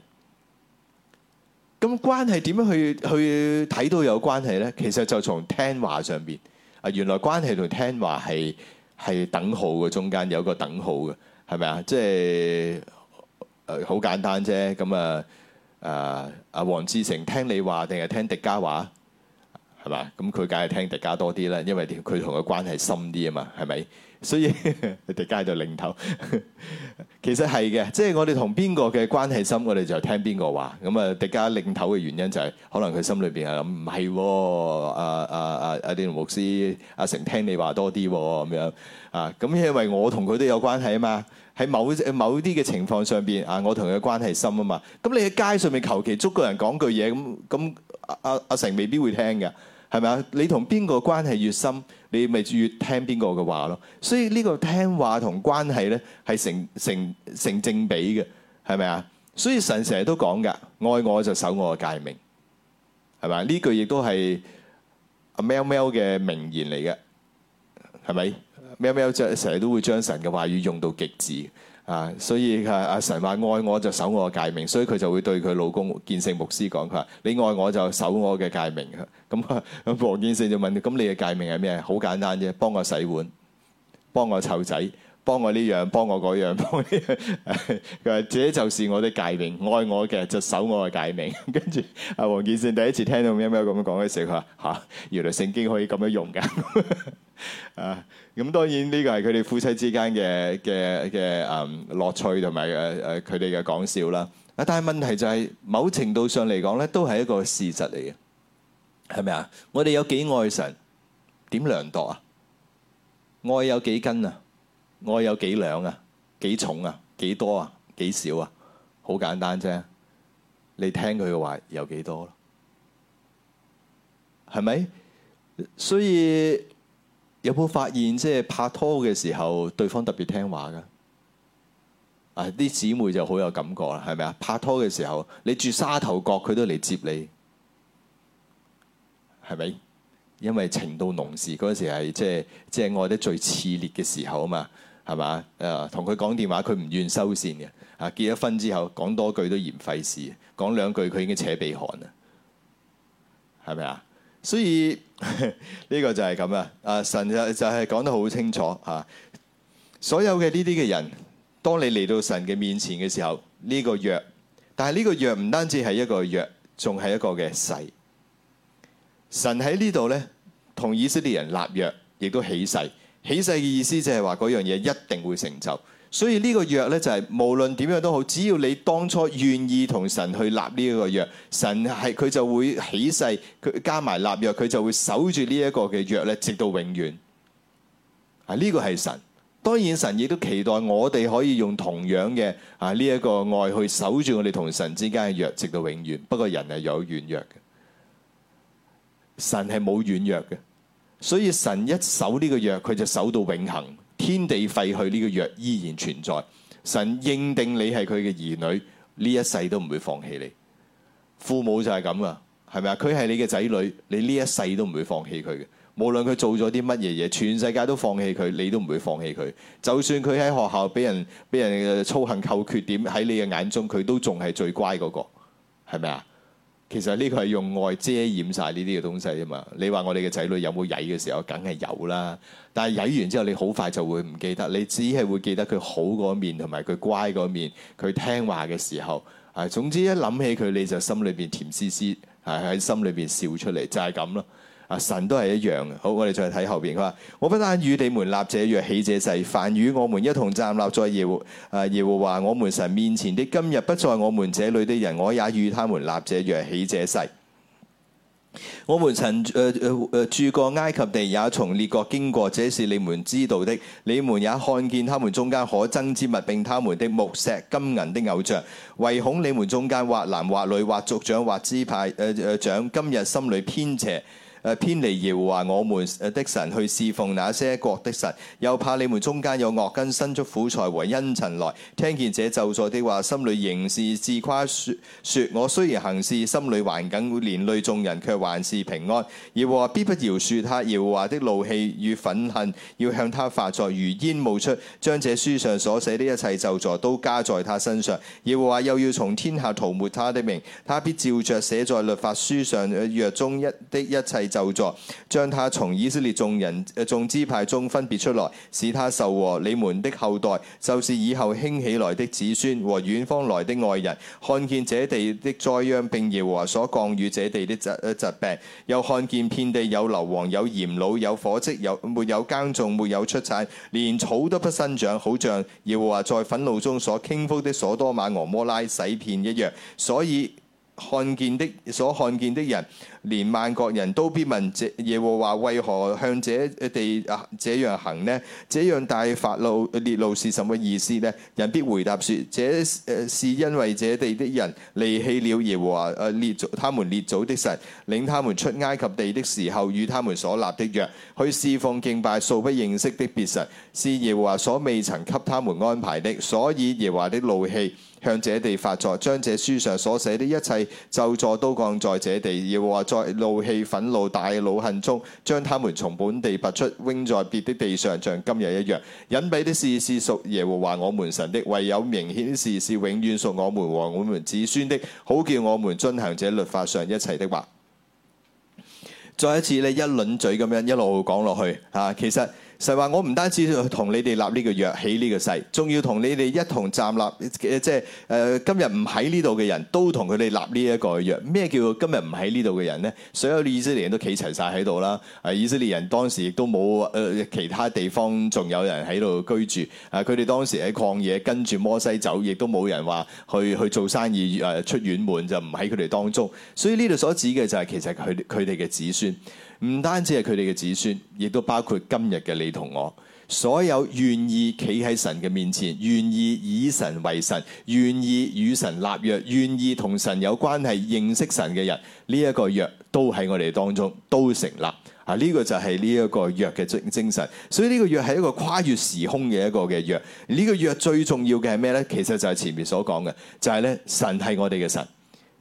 咁關係點樣去去睇到有關係咧？其實就從聽話上邊啊，原來關係同聽話係係等號嘅，中間有個等號嘅，係咪啊？即係誒，好簡單啫，咁啊。誒，阿黃志成聽你話定係聽迪加話，係嘛？咁佢梗係聽迪加多啲啦，因為點佢同佢關係深啲啊嘛，係咪？所以 迪加喺度領頭。 其實係嘅，即係我哋同邊個嘅關係深，我哋就聽邊個話。咁啊，迪加領頭嘅原因就係可能佢心裏邊係諗唔係，阿阿阿阿啲牧師阿成聽你話多啲咁樣啊。咁啊，因為我同佢都有關係啊嘛。喺某某啲嘅情況上邊啊，我同佢關係深啊嘛，咁你喺街上面求其捉個人講句嘢咁咁，阿阿阿成未必會聽㗎，係咪啊？你同邊個關係越深，你咪越聽邊個嘅話咯。所以呢個聽話同關係咧係成成成正比嘅，係咪啊？所以神成日都講㗎，愛我就守我嘅誡命，係咪啊？呢句亦都係阿喵喵嘅名言嚟嘅，係咪？喵喵成日都會將神嘅話語用到極致啊！所以阿阿、啊、神話，愛我就守我嘅誡命，所以佢就會對佢老公建勝牧師講，佢話你愛我就守我嘅誡命。」咁啊，黃建勝就問：咁你嘅誡命係咩？好簡單啫，幫我洗碗，幫我湊仔，幫我呢樣，幫我嗰樣，幫我。佢話，這就是我的誡命。愛我嘅就守我嘅誡命。 」跟住阿黃建勝第一次聽到喵喵咁講嘅時候，佢話吓，原來聖經可以咁樣用嘅啊！ 咁當然呢個係佢哋夫妻之間嘅嘅嘅誒樂趣同埋誒誒佢哋嘅講笑啦。啊，但係問題就係某程度上嚟講咧，都係一個事實嚟嘅，係咪啊？我哋有幾愛神？點量度啊？愛有幾斤啊？愛有幾兩啊？幾重啊？幾多啊？幾少啊？好簡單啫！你聽佢嘅話有幾多？係咪？所以。有冇發現，即係拍拖嘅時候，對方特別聽話㗎？啊，啲姊妹就好有感覺啦，係咪啊？拍拖嘅時候，你住沙頭角，佢都嚟接你，係咪？因為情到濃時嗰時係即係即係愛得最熾烈嘅時候啊嘛，係咪啊？誒，同佢講電話，佢唔願意收線嘅。啊，結咗婚之後，講多句都嫌費事，講兩句佢已經扯鼻鼾啦，係咪啊？所以呢個就係咁啊！啊神就就係講得好清楚嚇，所有嘅呢啲嘅人，當你嚟到神嘅面前嘅時候，呢個約，但係呢個約唔單止係一個約，仲係一個嘅誓。神喺呢度咧，同以色列人立約，亦都起誓。起誓嘅意思就係話嗰樣嘢一定會成就。所以呢個約呢，就係無論點樣都好，只要你當初願意同神去立呢一個約，神係佢就會起誓，佢加埋立約佢就會守住呢一個嘅約呢，直到永遠。啊，呢個係神，當然神亦都期待我哋可以用同樣嘅啊呢一個愛去守住我哋同神之間嘅約，直到永遠。不過人係有軟弱嘅，神係冇軟弱嘅，所以神一守呢個約，佢就守到永恆。天地廢去呢個約依然存在，神認定你係佢嘅兒女，呢一世都唔會放棄你。父母就係咁啊，係咪啊？佢係你嘅仔女，你呢一世都唔會放棄佢嘅。無論佢做咗啲乜嘢嘢，全世界都放棄佢，你都唔會放棄佢。就算佢喺學校俾人俾人嘅操行扣缺點，喺你嘅眼中佢都仲係最乖嗰個，係咪啊？其實呢個係用愛遮掩晒呢啲嘅東西啫嘛。你話我哋嘅仔女有冇曳嘅時候，梗係有啦。但係曳完之後，你好快就會唔記得。你只係會記得佢好嗰面同埋佢乖嗰面，佢聽話嘅時候。啊，總之一諗起佢，你就心裏邊甜絲絲，係喺心裏邊笑出嚟，就係咁囉。啊、神都係一樣嘅。好，我哋再睇後邊。佢話：我不但與你們立這約起這誓，凡與我們一同站立在耶和啊耶和華我們神面前的，今日不在我們這裏的人，我也與他們立這約起這誓。我們曾、呃呃、住過埃及地，也從列國經過，這是你們知道的。你們也看見他們中間可憎之物，並,並他們的木石金銀的偶像。唯恐你們中間或男或女或族長或支派誒誒、呃呃、長，今日心裏偏斜。偏離耶和華我們的神去侍奉那些國的神，又怕你們中間有惡根生出苦菜和茵陳來。聽見這咒詛的話，心裏仍是自誇說我雖然行事，心裏頑梗，連累眾人，卻還是平安。耶和華必不饒恕他。耶和華的怒氣與憤恨要向他發作，如煙冒出，將這書上所寫的一切咒詛都加在他身上。耶和華又要從天下塗抹他的名，他必照着寫在律法書上約中一的一切。就座，將他從以色列眾人誒眾支派中分別出來，使他受禍。你們的後代，就是以後興起來的子孫和遠方來的外人，看見這地的災殃，並耶和華所降與這地的疾疾病，又看見遍地有硫磺、有鹽滷、有火跡，有沒有耕種、沒有出產，連草都不生長，好像耶和華在憤怒中所傾覆的所多瑪、俄摩拉洗片一樣，所以。看見的所看見的人，連萬國人都必問：耶和華為何向這地啊這樣行呢？這樣大發怒烈怒，是什麼意思呢？人必回答說：這是因為這地的人離棄了耶和華列祖，他們列祖的神，領他們出埃及地的時候與他們所立的約，去侍奉敬拜素不認識的別神，是耶和華所未曾給他們安排的，所以耶和華的怒氣。向這地發作，將這書上所寫的一切咒詛都降在這地。耶和華在怒氣憤怒大惱恨中，將他們從本地拔出，扔在別的地上，像今日一樣。隱秘的事是屬耶和華我們神的，唯有明顯的事是永遠屬我們和我們子孫的，好叫我們遵行這律法上一切的話。再一次你一輪嘴咁樣一路講落去嚇，其實。實話，我唔單止同你哋立呢個約，起呢個誓，仲要同你哋一同站立。即係、呃、今日唔喺呢度嘅人都同佢哋立呢一個約。咩叫做今日唔喺呢度嘅人咧？所有以，以色列人都企齊晒喺度啦。啊，以色列人當時亦都冇誒其他地方仲有人喺度居住。啊，佢哋當時喺曠野跟住摩西走，亦都冇人話去去做生意誒、啊、出遠門就唔喺佢哋當中。所以呢度所指嘅就係其實佢佢哋嘅子孫。唔單止係佢哋嘅子孫，亦都包括今日嘅你同我，所有願意企喺神嘅面前，願意以神為神，願意與神立約，願意同神有關係、認識神嘅人，呢一個約都喺我哋當中，都成立。啊，呢個就係呢一個約嘅精精神。所以呢個約係一個跨越時空嘅一個嘅約。呢個約最重要嘅係咩呢？其實就係前面所講嘅，就係咧，神係我哋嘅神。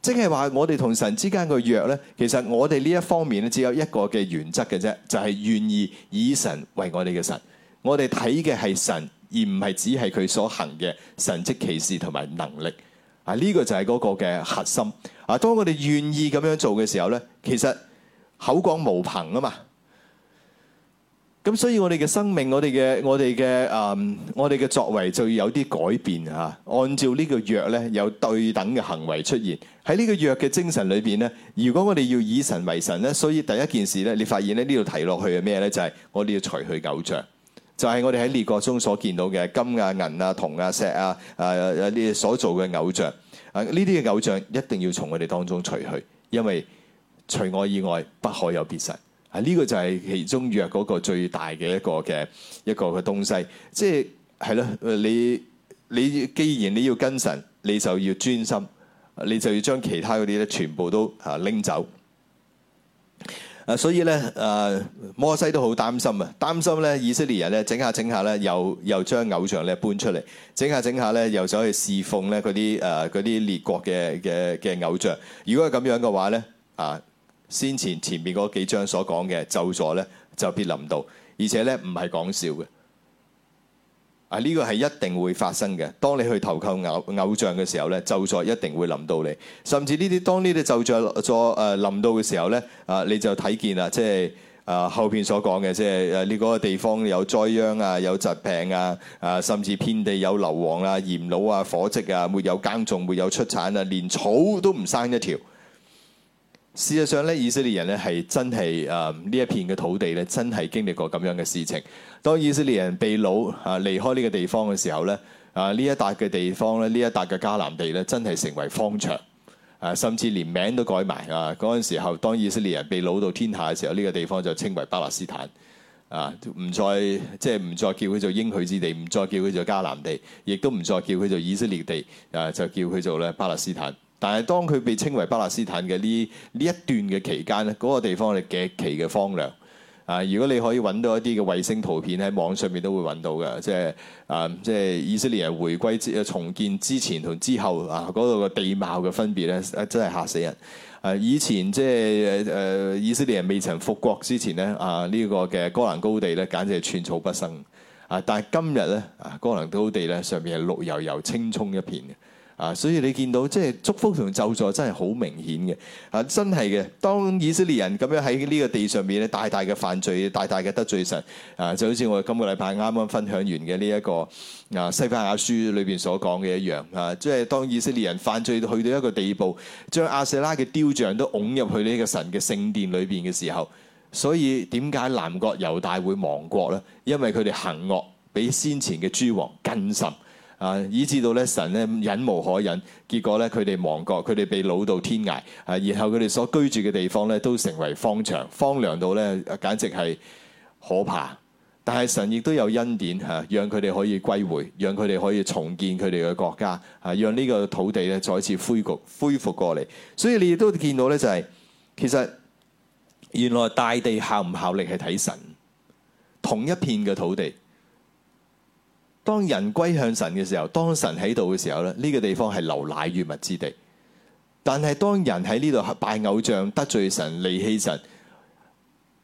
即係話我哋同神之間嘅約咧，其實我哋呢一方面咧，只有一個嘅原則嘅啫，就係、是、願意以神為我哋嘅神。我哋睇嘅係神，而唔係只係佢所行嘅神蹟奇事同埋能力。啊，呢、這個就係嗰個嘅核心。啊，當我哋願意咁樣做嘅時候咧，其實口講無憑啊嘛。咁所以我哋嘅生命，我哋嘅我哋嘅誒，我哋嘅作為就要有啲改變吓。按照呢個約咧，有對等嘅行為出現喺呢個約嘅精神裏邊咧。如果我哋要以神為神咧，所以第一件事咧，你發現咧呢度提落去係咩咧？就係我哋要除去偶像，就係我哋喺列國中所見到嘅金啊、銀啊、銅啊、石啊，你哋所做嘅偶像。啊，呢啲嘅偶像一定要從我哋當中除去，因為除我以外不可有別神。啊！呢個就係其中約嗰個最大嘅一個嘅一個嘅東西，即係係咯，你你既然你要跟神，你就要專心，你就要將其他嗰啲咧全部都啊拎走。啊，所以咧啊，摩西都好擔心啊，擔心咧以色列人咧整下整下咧又又將偶像咧搬出嚟，整下整下咧又走去侍奉咧嗰啲誒嗰啲列國嘅嘅嘅偶像。如果係咁樣嘅話咧啊，先前前面嗰幾章所講嘅，咒詛咧就必臨到，而且咧唔係講笑嘅。啊，呢個係一定會發生嘅。當你去投靠偶偶像嘅時候咧，咒詛一定會臨到你。甚至呢啲，當呢啲咒詛詛誒臨到嘅時候咧，啊你就睇見啦，即係啊後邊所講嘅，即係誒呢個地方有災殃啊，有疾病啊，啊甚至遍地有硫磺啊、鹽鹵啊、火跡啊，沒有耕種，沒有出產啊，連草都唔生一條。事實上咧，以色列人咧係真係誒呢一片嘅土地咧，真係經歷過咁樣嘅事情。當以色列人被擄啊離開呢個地方嘅時候咧，啊呢一笪嘅地方咧，呢一笪嘅迦南地咧，真係成為荒場啊，甚至連名都改埋啊。嗰陣時候，當以色列人被擄到天下嘅時候，呢、呢個地方就稱為巴勒斯坦啊，唔再即係唔再叫佢做應許之地，唔再叫佢做迦南地，亦都唔再叫佢做以色列地，誒、啊、就叫佢做咧巴勒斯坦。但係當佢被稱為巴勒斯坦嘅呢呢一段嘅期間咧，嗰、那個地方係極其嘅荒涼啊！如果你可以揾到一啲嘅衛星圖片喺網上面都會揾到嘅，即係啊，即係以色列人回歸之重建之前同之後啊，嗰度嘅地貌嘅分別咧、啊，真係嚇死人啊！以前即係誒、啊、以色列人未曾復國之前咧，啊呢、這個嘅戈蘭高地咧，簡直係寸草不生啊！但係今日咧，啊戈蘭高地咧上面係綠油油、青葱一片嘅。啊，所以你見到即係祝福同咒詛真係好明顯嘅，啊真係嘅。當以色列人咁樣喺呢個地上面咧，大大嘅犯罪，大大嘅得罪神，啊就好似我哋今個禮拜啱啱分享完嘅呢一個啊西番雅書裏邊所講嘅一樣，啊即係當以色列人犯罪去到一個地步，將亞舍拉嘅雕像都擁入去呢個神嘅聖殿裏邊嘅時候，所以點解南國猶大會亡國咧？因為佢哋行惡比先前嘅諸王更甚。啊，以致到咧神咧忍無可忍，結果咧佢哋亡國，佢哋被老到天涯，啊，然後佢哋所居住嘅地方咧都成為荒場、荒涼到咧，簡直係可怕。但係神亦都有恩典，嚇，讓佢哋可以歸回，讓佢哋可以重建佢哋嘅國家，啊，讓呢個土地咧再次恢復、恢復過嚟。所以你亦都見到咧、就是，就係其實原來大地效唔效力係睇神，同一片嘅土地。當人歸向神嘅時候，當神喺度嘅時候咧，呢、這個地方係流奶與蜜之地。但係當人喺呢度拜偶像、得罪神、離棄神，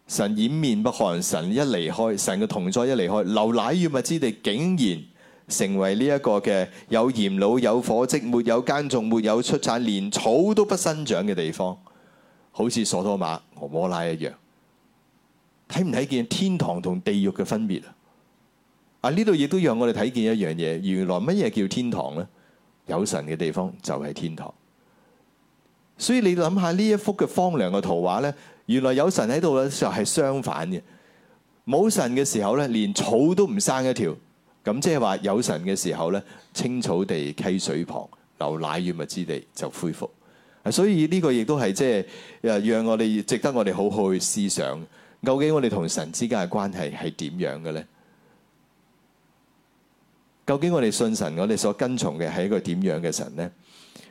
神掩面不看。神一離開，神嘅同在一離開，流奶與蜜之地竟然成為呢一個嘅有鹽滷、有火跡、沒有耕種、沒有出產、連草都不生長嘅地方，好似所多瑪、蛾摩拉一樣。睇唔睇見天堂同地獄嘅分別？啊！呢度亦都讓我哋睇見一樣嘢，原來乜嘢叫天堂呢？有神嘅地方就係天堂。所以你諗下呢一幅嘅荒涼嘅圖畫呢，原來有神喺度呢就係相反嘅。冇神嘅時候呢，連草都唔生一條。咁即係話有神嘅時候呢，青草地溪水旁，流奶與蜜之地就恢復。所以呢個亦都係即係，讓我哋值得我哋好好去思想。究竟我哋同神之間嘅關係係點樣嘅呢？究竟我哋信神，我哋所跟從嘅係一個點樣嘅神呢？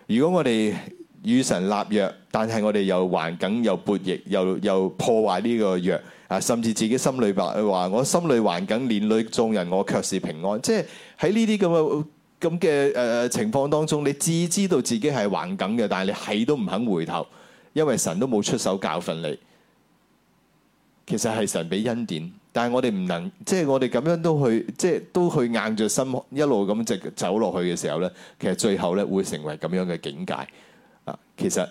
如果我哋與神立約，但係我哋又頑梗又悖逆，又又破壞呢個約啊，甚至自己心裏話，我心裏頑梗，連累眾人，我卻是平安。即係喺呢啲咁嘅咁嘅誒情況當中，你自知道自己係頑梗嘅，但係你係都唔肯回頭，因為神都冇出手教訓你。其實係神俾恩典。但係我哋唔能，即係我哋咁樣都去，即係都去硬着心，一路咁直走落去嘅時候呢，其實最後呢會成為咁樣嘅境界啊！其實，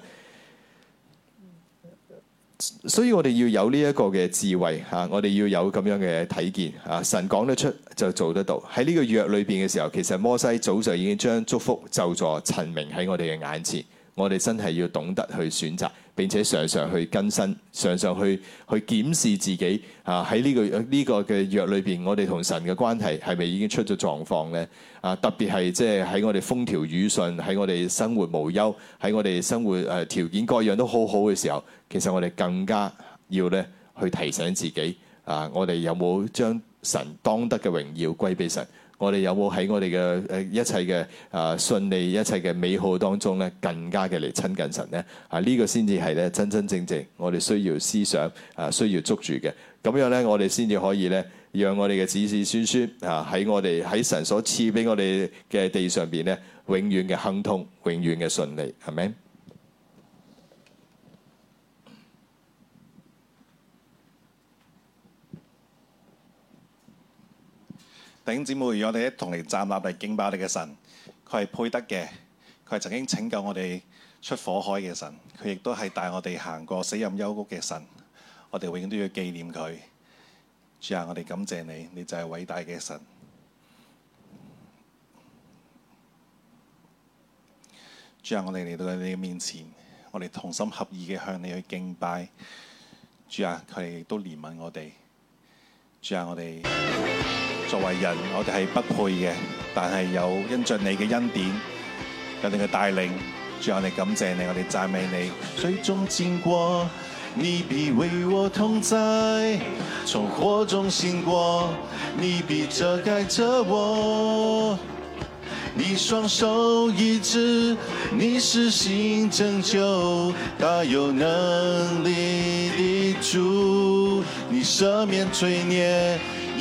所以我哋要有呢一個嘅智慧吓，我哋要有咁樣嘅睇見啊！神講得出就做得到，喺呢個約裏邊嘅時候，其實摩西早就已經將祝福就座陳明喺我哋嘅眼前，我哋真係要懂得去選擇。並且常常去更新，常常去去檢視自己啊！喺呢個呢個嘅藥裏邊，我哋同神嘅關係係咪已經出咗狀況呢？啊，特別係即係喺我哋風調雨順，喺我哋生活無憂，喺我哋生活誒條件各樣都好好嘅時候，其實我哋更加要咧去提醒自己啊！我哋有冇將神當得嘅榮耀歸俾神？我哋有冇喺我哋嘅誒一切嘅啊，順利，一切嘅美好當中咧，更加嘅嚟親近神咧？啊，呢個先至係咧真真正正我哋需要思想啊，需要捉住嘅。咁樣咧，我哋先至可以咧，讓我哋嘅子子孫孫啊，喺我哋喺神所賜俾我哋嘅地上邊咧，永遠嘅亨通，永遠嘅順利，係咪？弟兄姐妹，與我哋一同嚟站立嚟敬拜你嘅神，佢係配得嘅，佢係曾經拯救我哋出火海嘅神，佢亦都係帶我哋行過死蔭幽谷嘅神，我哋永遠都要紀念佢。主啊，我哋感謝你，你就係偉大嘅神。主啊，我哋嚟到你面前，我哋同心合意嘅向你去敬拜。主啊，佢哋亦都憐憫我哋。主啊，我哋。作為人，我哋係不配嘅，但係有因着你嘅恩典，有你嘅帶領，主，我哋感謝你，我哋讚美你。水中經過，你必為我同在；從火中經過，你必遮蓋着我。你雙手一指，你施行拯救，大有能力的主，你赦免罪孽。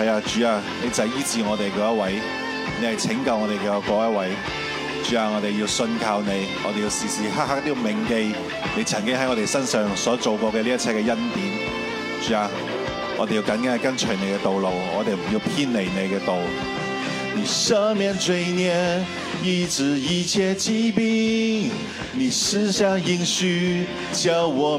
係啊，主啊，你就係醫治我哋嗰一位，你係拯救我哋嘅嗰一位。主啊，我哋要信靠你，我哋要時時刻刻都要銘記你曾經喺我哋身上所做過嘅呢一切嘅恩典。主啊，我哋要緊緊係跟隨你嘅道路，我哋唔要偏離你嘅道。赦免罪孽，一切思想我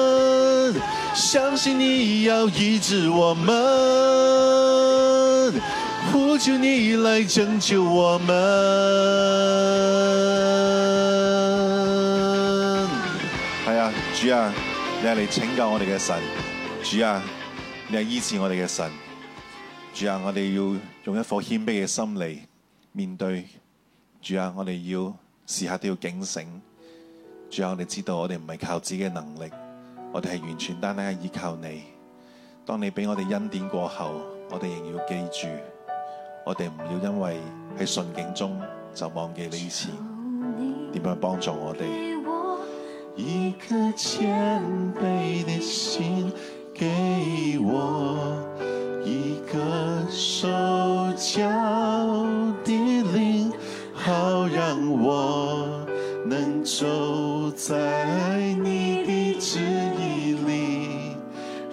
相信你要醫治我們，呼求你來拯救我們。係啊，主啊，你係嚟拯救我哋嘅神。主啊，你係醫治我哋嘅神。主啊，我哋要用一顆謙卑嘅心嚟面對。主啊，我哋要時刻都要警醒。主啊，我哋知道我哋唔係靠自己嘅能力。我哋係完全單單係依靠你。當你俾我哋恩典過後，我哋仍要記住，我哋唔要因為喺順境中就忘記你以前點樣幫助我哋。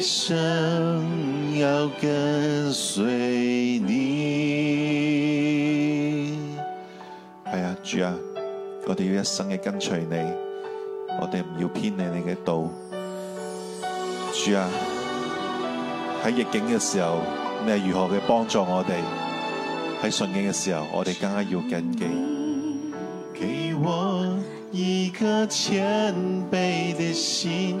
生要跟隨你係啊，哎呀主啊，我哋要一生嘅跟隨你，我哋唔要偏離你嘅道。主啊，喺逆境嘅時候，你係如何嘅幫助我哋？喺順境嘅時候，我哋更加要謹記。給我一個謙卑的心。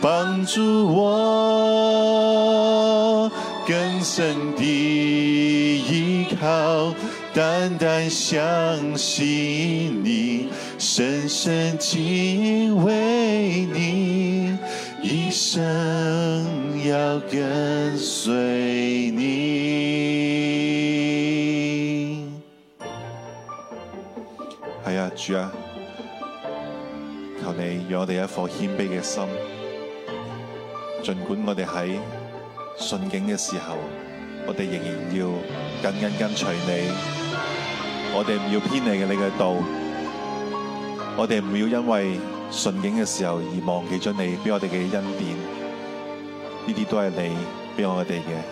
幫助我更深地依靠，單單相信你，深深敬畏你，一生要跟隨你。係啊、哎，主啊，求你讓我哋有一顆謙卑嘅心。盡管我哋喺順境嘅時候，我哋仍然要緊跟跟隨你，我哋唔要偏離嘅你嘅道，我哋唔要因為順境嘅時候而忘記咗你畀我哋嘅恩典，呢啲都係你畀我哋嘅，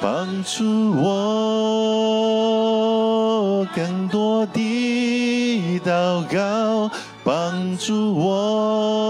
幫助我更多嘅禱告，幫助我。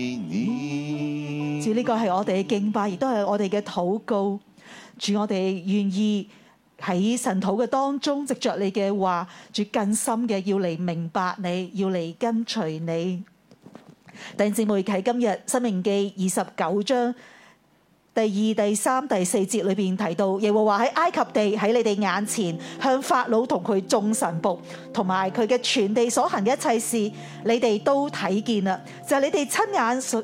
呢個係我哋嘅敬拜，亦都係我哋嘅禱告。主，我哋願意喺神土嘅當中，藉着你嘅話，主更深嘅要嚟明白你，要嚟跟隨你。弟兄姊妹喺今日《申命記》二十九章第二、第三、第四節裏邊提到，耶和華喺埃及地喺你哋眼前，向法老同佢眾臣僕同埋佢嘅全地所行嘅一切事，你哋都睇見啦。就係、是、你哋親眼所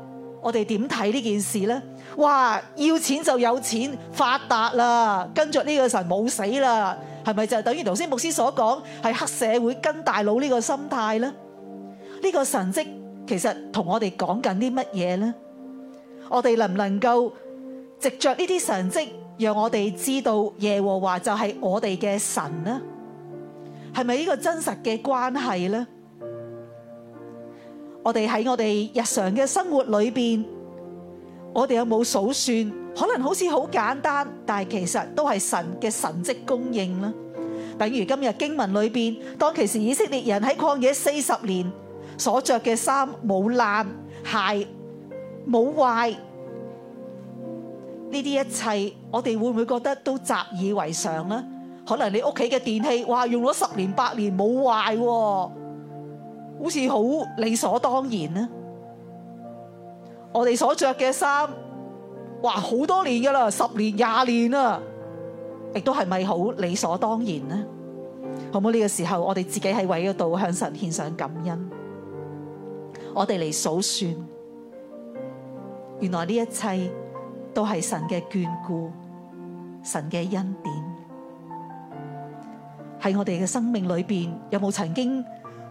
我哋點睇呢件事呢？哇，要錢就有錢，發達啦！跟着呢個神冇死啦，係咪就等於頭先牧師所講係黑社會跟大佬呢個心態呢？呢個神蹟其實同我哋講緊啲乜嘢呢？我哋能唔能夠藉着呢啲神蹟，讓我哋知道耶和華就係我哋嘅神呢？係咪呢個真實嘅關係呢？我哋喺我哋日常嘅生活裏邊，我哋有冇數算？可能好似好簡單，但係其實都係神嘅神蹟供應啦。等於今日經文裏邊，當其時以色列人喺曠野四十年所着嘅衫冇爛，鞋冇壞，呢啲一切，我哋會唔會覺得都習以為常呢？可能你屋企嘅電器，哇，用咗十年八年冇壞喎。好似好理所當然呢？我哋所着嘅衫，哇，好多年噶啦，十年廿年啦，亦都係咪好理所當然呢好唔好？呢個時候，我哋自己喺位嗰度向神獻上感恩，我哋嚟數算，原來呢一切都係神嘅眷顧，神嘅恩典，喺我哋嘅生命裏邊，有冇曾經？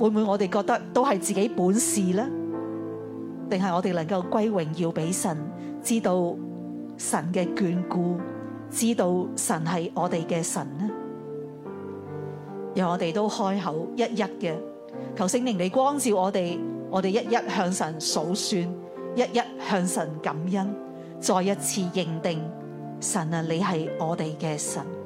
會唔會我哋覺得都係自己本事呢？定係我哋能夠歸榮耀俾神，知道神嘅眷顧，知道神係我哋嘅神呢？由我哋都開口一一嘅求聖靈你光照我哋，我哋一一向神數算，一一向神感恩，再一次認定神啊，你係我哋嘅神。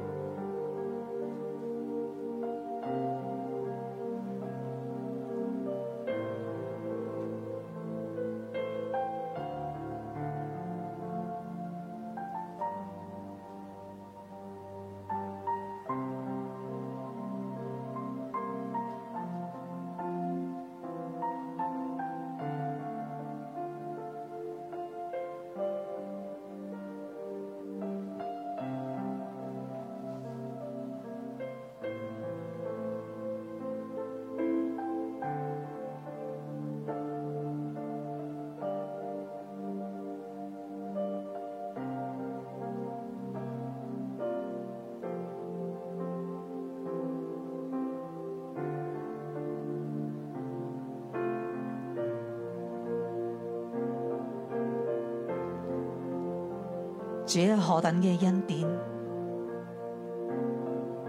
何等嘅恩典！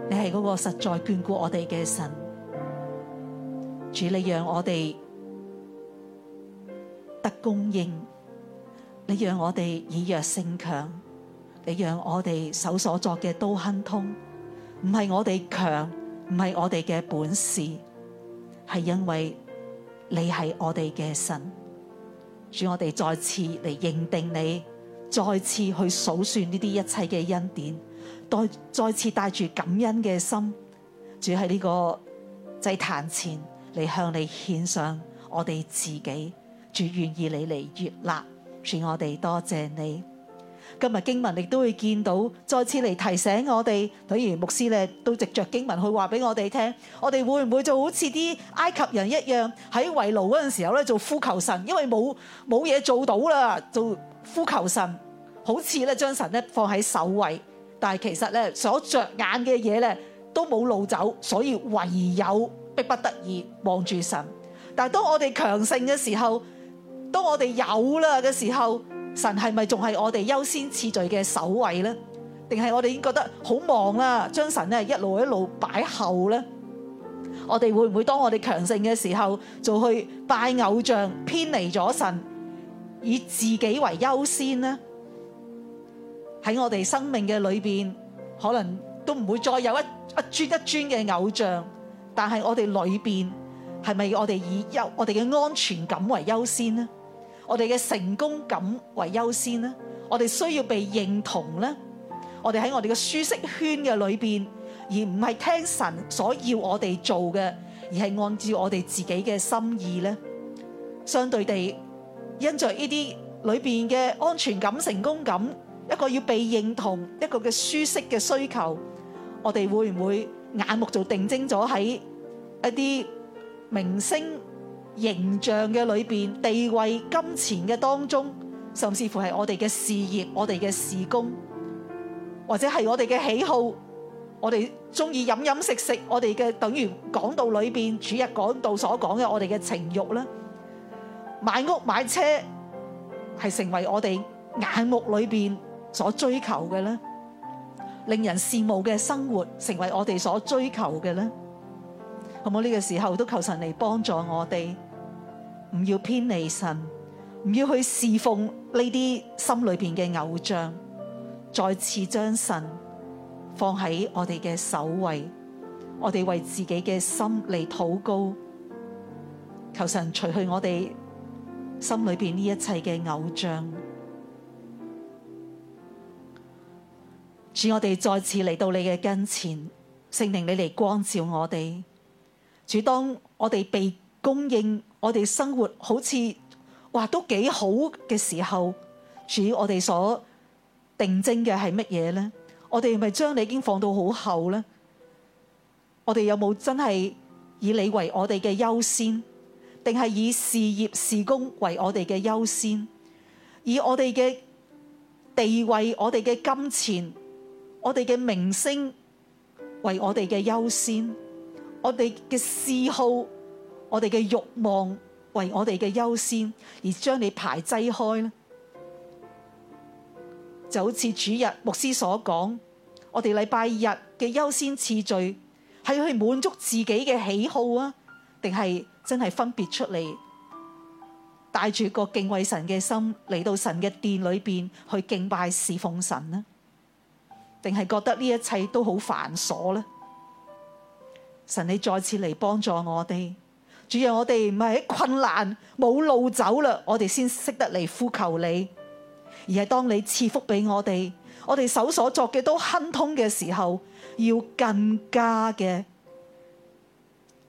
你係嗰個實在眷顧我哋嘅神，主你讓我哋得供應，你讓我哋以弱勝強，你讓我哋手所作嘅都亨通。唔係我哋強，唔係我哋嘅本事，係因為你係我哋嘅神。主我哋再次嚟認定你。再次去數算呢啲一切嘅恩典，再再次帶住感恩嘅心，主喺呢個祭壇前嚟向你獻上我哋自己，主願意你嚟悅納，主我哋多謝，謝你。今日經文亦都會見到，再次嚟提醒我哋。例如牧師咧，都藉着經文去話俾我哋聽，我哋會唔會就好似啲埃及人一樣喺為奴嗰陣時候咧，做呼求神，因為冇冇嘢做到啦，做。呼求神，好似咧將神咧放喺首位，但係其實咧所着眼嘅嘢咧都冇路走，所以唯有逼不得已望住神。但係當我哋強盛嘅時候，當我哋有啦嘅時候，神係咪仲係我哋優先次序嘅首位呢？定係我哋已經覺得好忙啦，將神咧一路一路擺後呢？我哋會唔會當我哋強盛嘅時候就去拜偶像，偏離咗神？以自己為優先呢，喺我哋生命嘅裏邊，可能都唔會再有一一尊一尊嘅偶像。但係我哋裏邊係咪我哋以優我哋嘅安全感為優先呢？我哋嘅成功感為優先呢？我哋需要被認同呢？我哋喺我哋嘅舒適圈嘅裏邊，而唔係聽神所要我哋做嘅，而係按照我哋自己嘅心意呢？相對地。因著呢啲裏邊嘅安全感、成功感，一個要被認同，一個嘅舒適嘅需求，我哋會唔會眼目就定睛咗喺一啲明星形象嘅裏邊、地位、金錢嘅當中，甚至乎係我哋嘅事業、我哋嘅事工，或者係我哋嘅喜好，我哋中意飲飲食食，我哋嘅等於講道裏邊主日講道所講嘅我哋嘅情慾咧？買屋買車係成為我哋眼目裏邊所追求嘅咧，令人羨慕嘅生活成為我哋所追求嘅咧，好唔好？呢個時候都求神嚟幫助我哋，唔要偏離神，唔要去侍奉呢啲心裏邊嘅偶像，再次將神放喺我哋嘅首位，我哋為自己嘅心嚟禱告，求神除去我哋。心裏邊呢一切嘅偶像，主，我哋再次嚟到你嘅跟前，聖靈你嚟光照我哋。主，當我哋被供應，我哋生活好似話都幾好嘅時候，主，我哋所定睛嘅係乜嘢咧？我哋係咪將你已經放到好後咧？我哋有冇真係以你為我哋嘅優先？定係以事業事工為我哋嘅優先，以我哋嘅地位、我哋嘅金錢、我哋嘅名聲為我哋嘅優先，我哋嘅嗜好、我哋嘅欲望為我哋嘅優先，而將你排擠開咧，就好似主日牧師所講，我哋禮拜日嘅優先次序係去滿足自己嘅喜好啊，定係？真係分別出嚟，帶住個敬畏神嘅心嚟到神嘅殿裏邊去敬拜侍奉神呢？定係覺得呢一切都好繁瑣呢？神你再次嚟幫助我哋，主要我哋唔係喺困難冇路走啦，我哋先識得嚟呼求你，而係當你賜福俾我哋，我哋手所作嘅都亨通嘅時候，要更加嘅。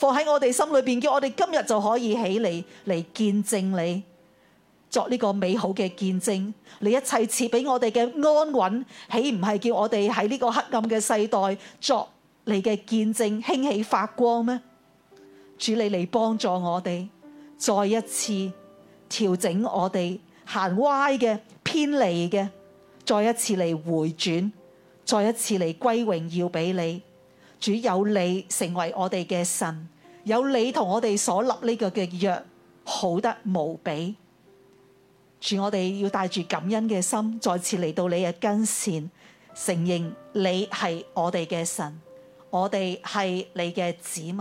放喺我哋心裏邊，叫我哋今日就可以起嚟嚟見證你，作呢個美好嘅見證。你一切賜俾我哋嘅安穩，豈唔係叫我哋喺呢個黑暗嘅世代作你嘅見證，興起發光咩？主你嚟幫助我哋，再一次調整我哋行歪嘅偏離嘅，再一次嚟回轉，再一次嚟歸榮耀俾你。主有你成為我哋嘅神，有你同我哋所立呢個嘅約，好得無比。主，我哋要帶住感恩嘅心，再次嚟到你嘅跟前，承認你係我哋嘅神，我哋係你嘅子民。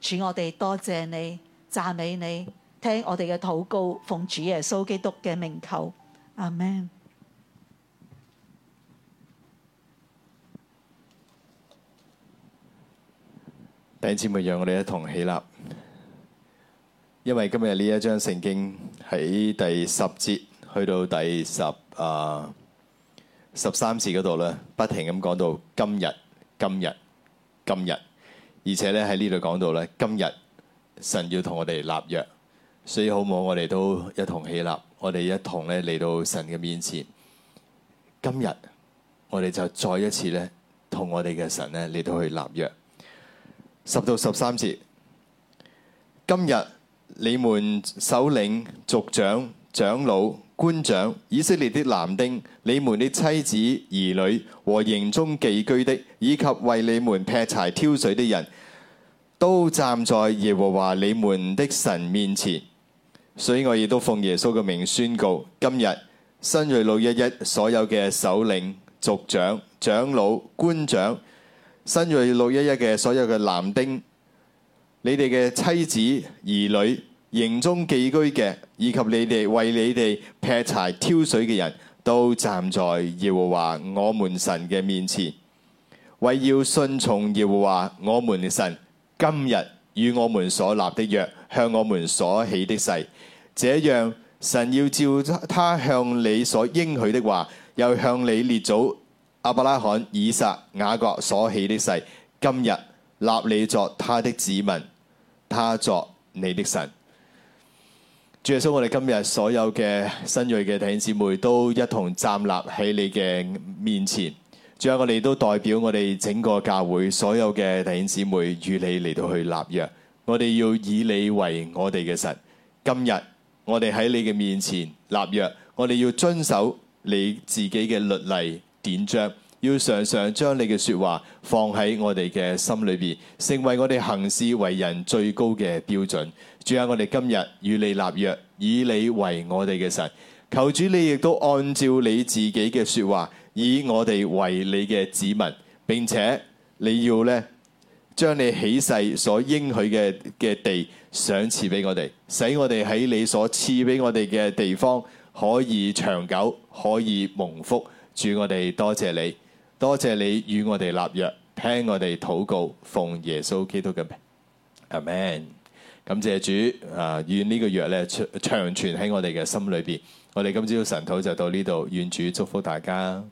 主，我哋多謝你，讚美你，聽我哋嘅禱告，奉主耶穌基督嘅名求，阿門。第一次咪讓我哋一同起立，因為今日呢一章聖經喺第十節去到第十啊十三節嗰度咧，不停咁講到今日，今日，今日，而且呢，喺呢度講到呢，今日神要同我哋立約，所以好唔好？我哋都一同起立，我哋一同咧嚟到神嘅面前。今日我哋就再一次呢，同我哋嘅神咧嚟到去立約。十到十三節。今日你們首領、族長、長老、官長、以色列的男丁、你們的妻子、兒女和營中寄居的，以及為你們劈柴挑水的人，都站在耶和華你們的神面前。所以我亦都奉耶穌嘅名宣告：今日新約路一一所有嘅首領、族長、長老、官長。新約六一一嘅所有嘅男丁，你哋嘅妻子、兒女、營中寄居嘅，以及你哋為你哋劈柴挑水嘅人都站在耶和華我們神嘅面前，為要順從耶和華我們神今日與我們所立的約，向我們所起的誓。這樣，神要照他向你所應許的話，又向你列祖，亞伯拉罕、以撒、雅各所起的誓，今日立你作他的子民，他作你的神。主耶穌，我哋今日所有嘅新銳嘅弟兄姊妹都一同站立喺你嘅面前。仲有，我哋都代表我哋整個教會所有嘅弟兄姊妹與你嚟到去立約。我哋要以你為我哋嘅神。今日我哋喺你嘅面前立約，我哋要遵守你自己嘅律例。念著要常常將你嘅說話放喺我哋嘅心裏邊，成為我哋行事為人最高嘅標準。仲有，我哋今日與你立約，以你為我哋嘅神。求主你亦都按照你自己嘅說話，以我哋為你嘅子民，並且你要咧，將你起誓所應許嘅嘅地賞賜俾我哋，使我哋喺你所賜俾我哋嘅地方可以長久，可以蒙福。主，祝我哋多謝,謝你，多謝,謝你與我哋立約，聽我哋禱告，奉耶穌基督嘅名，阿門。感謝主啊，願個約呢個約咧長存喺我哋嘅心裏邊。我哋今朝神禱就到呢度，願主祝福大家。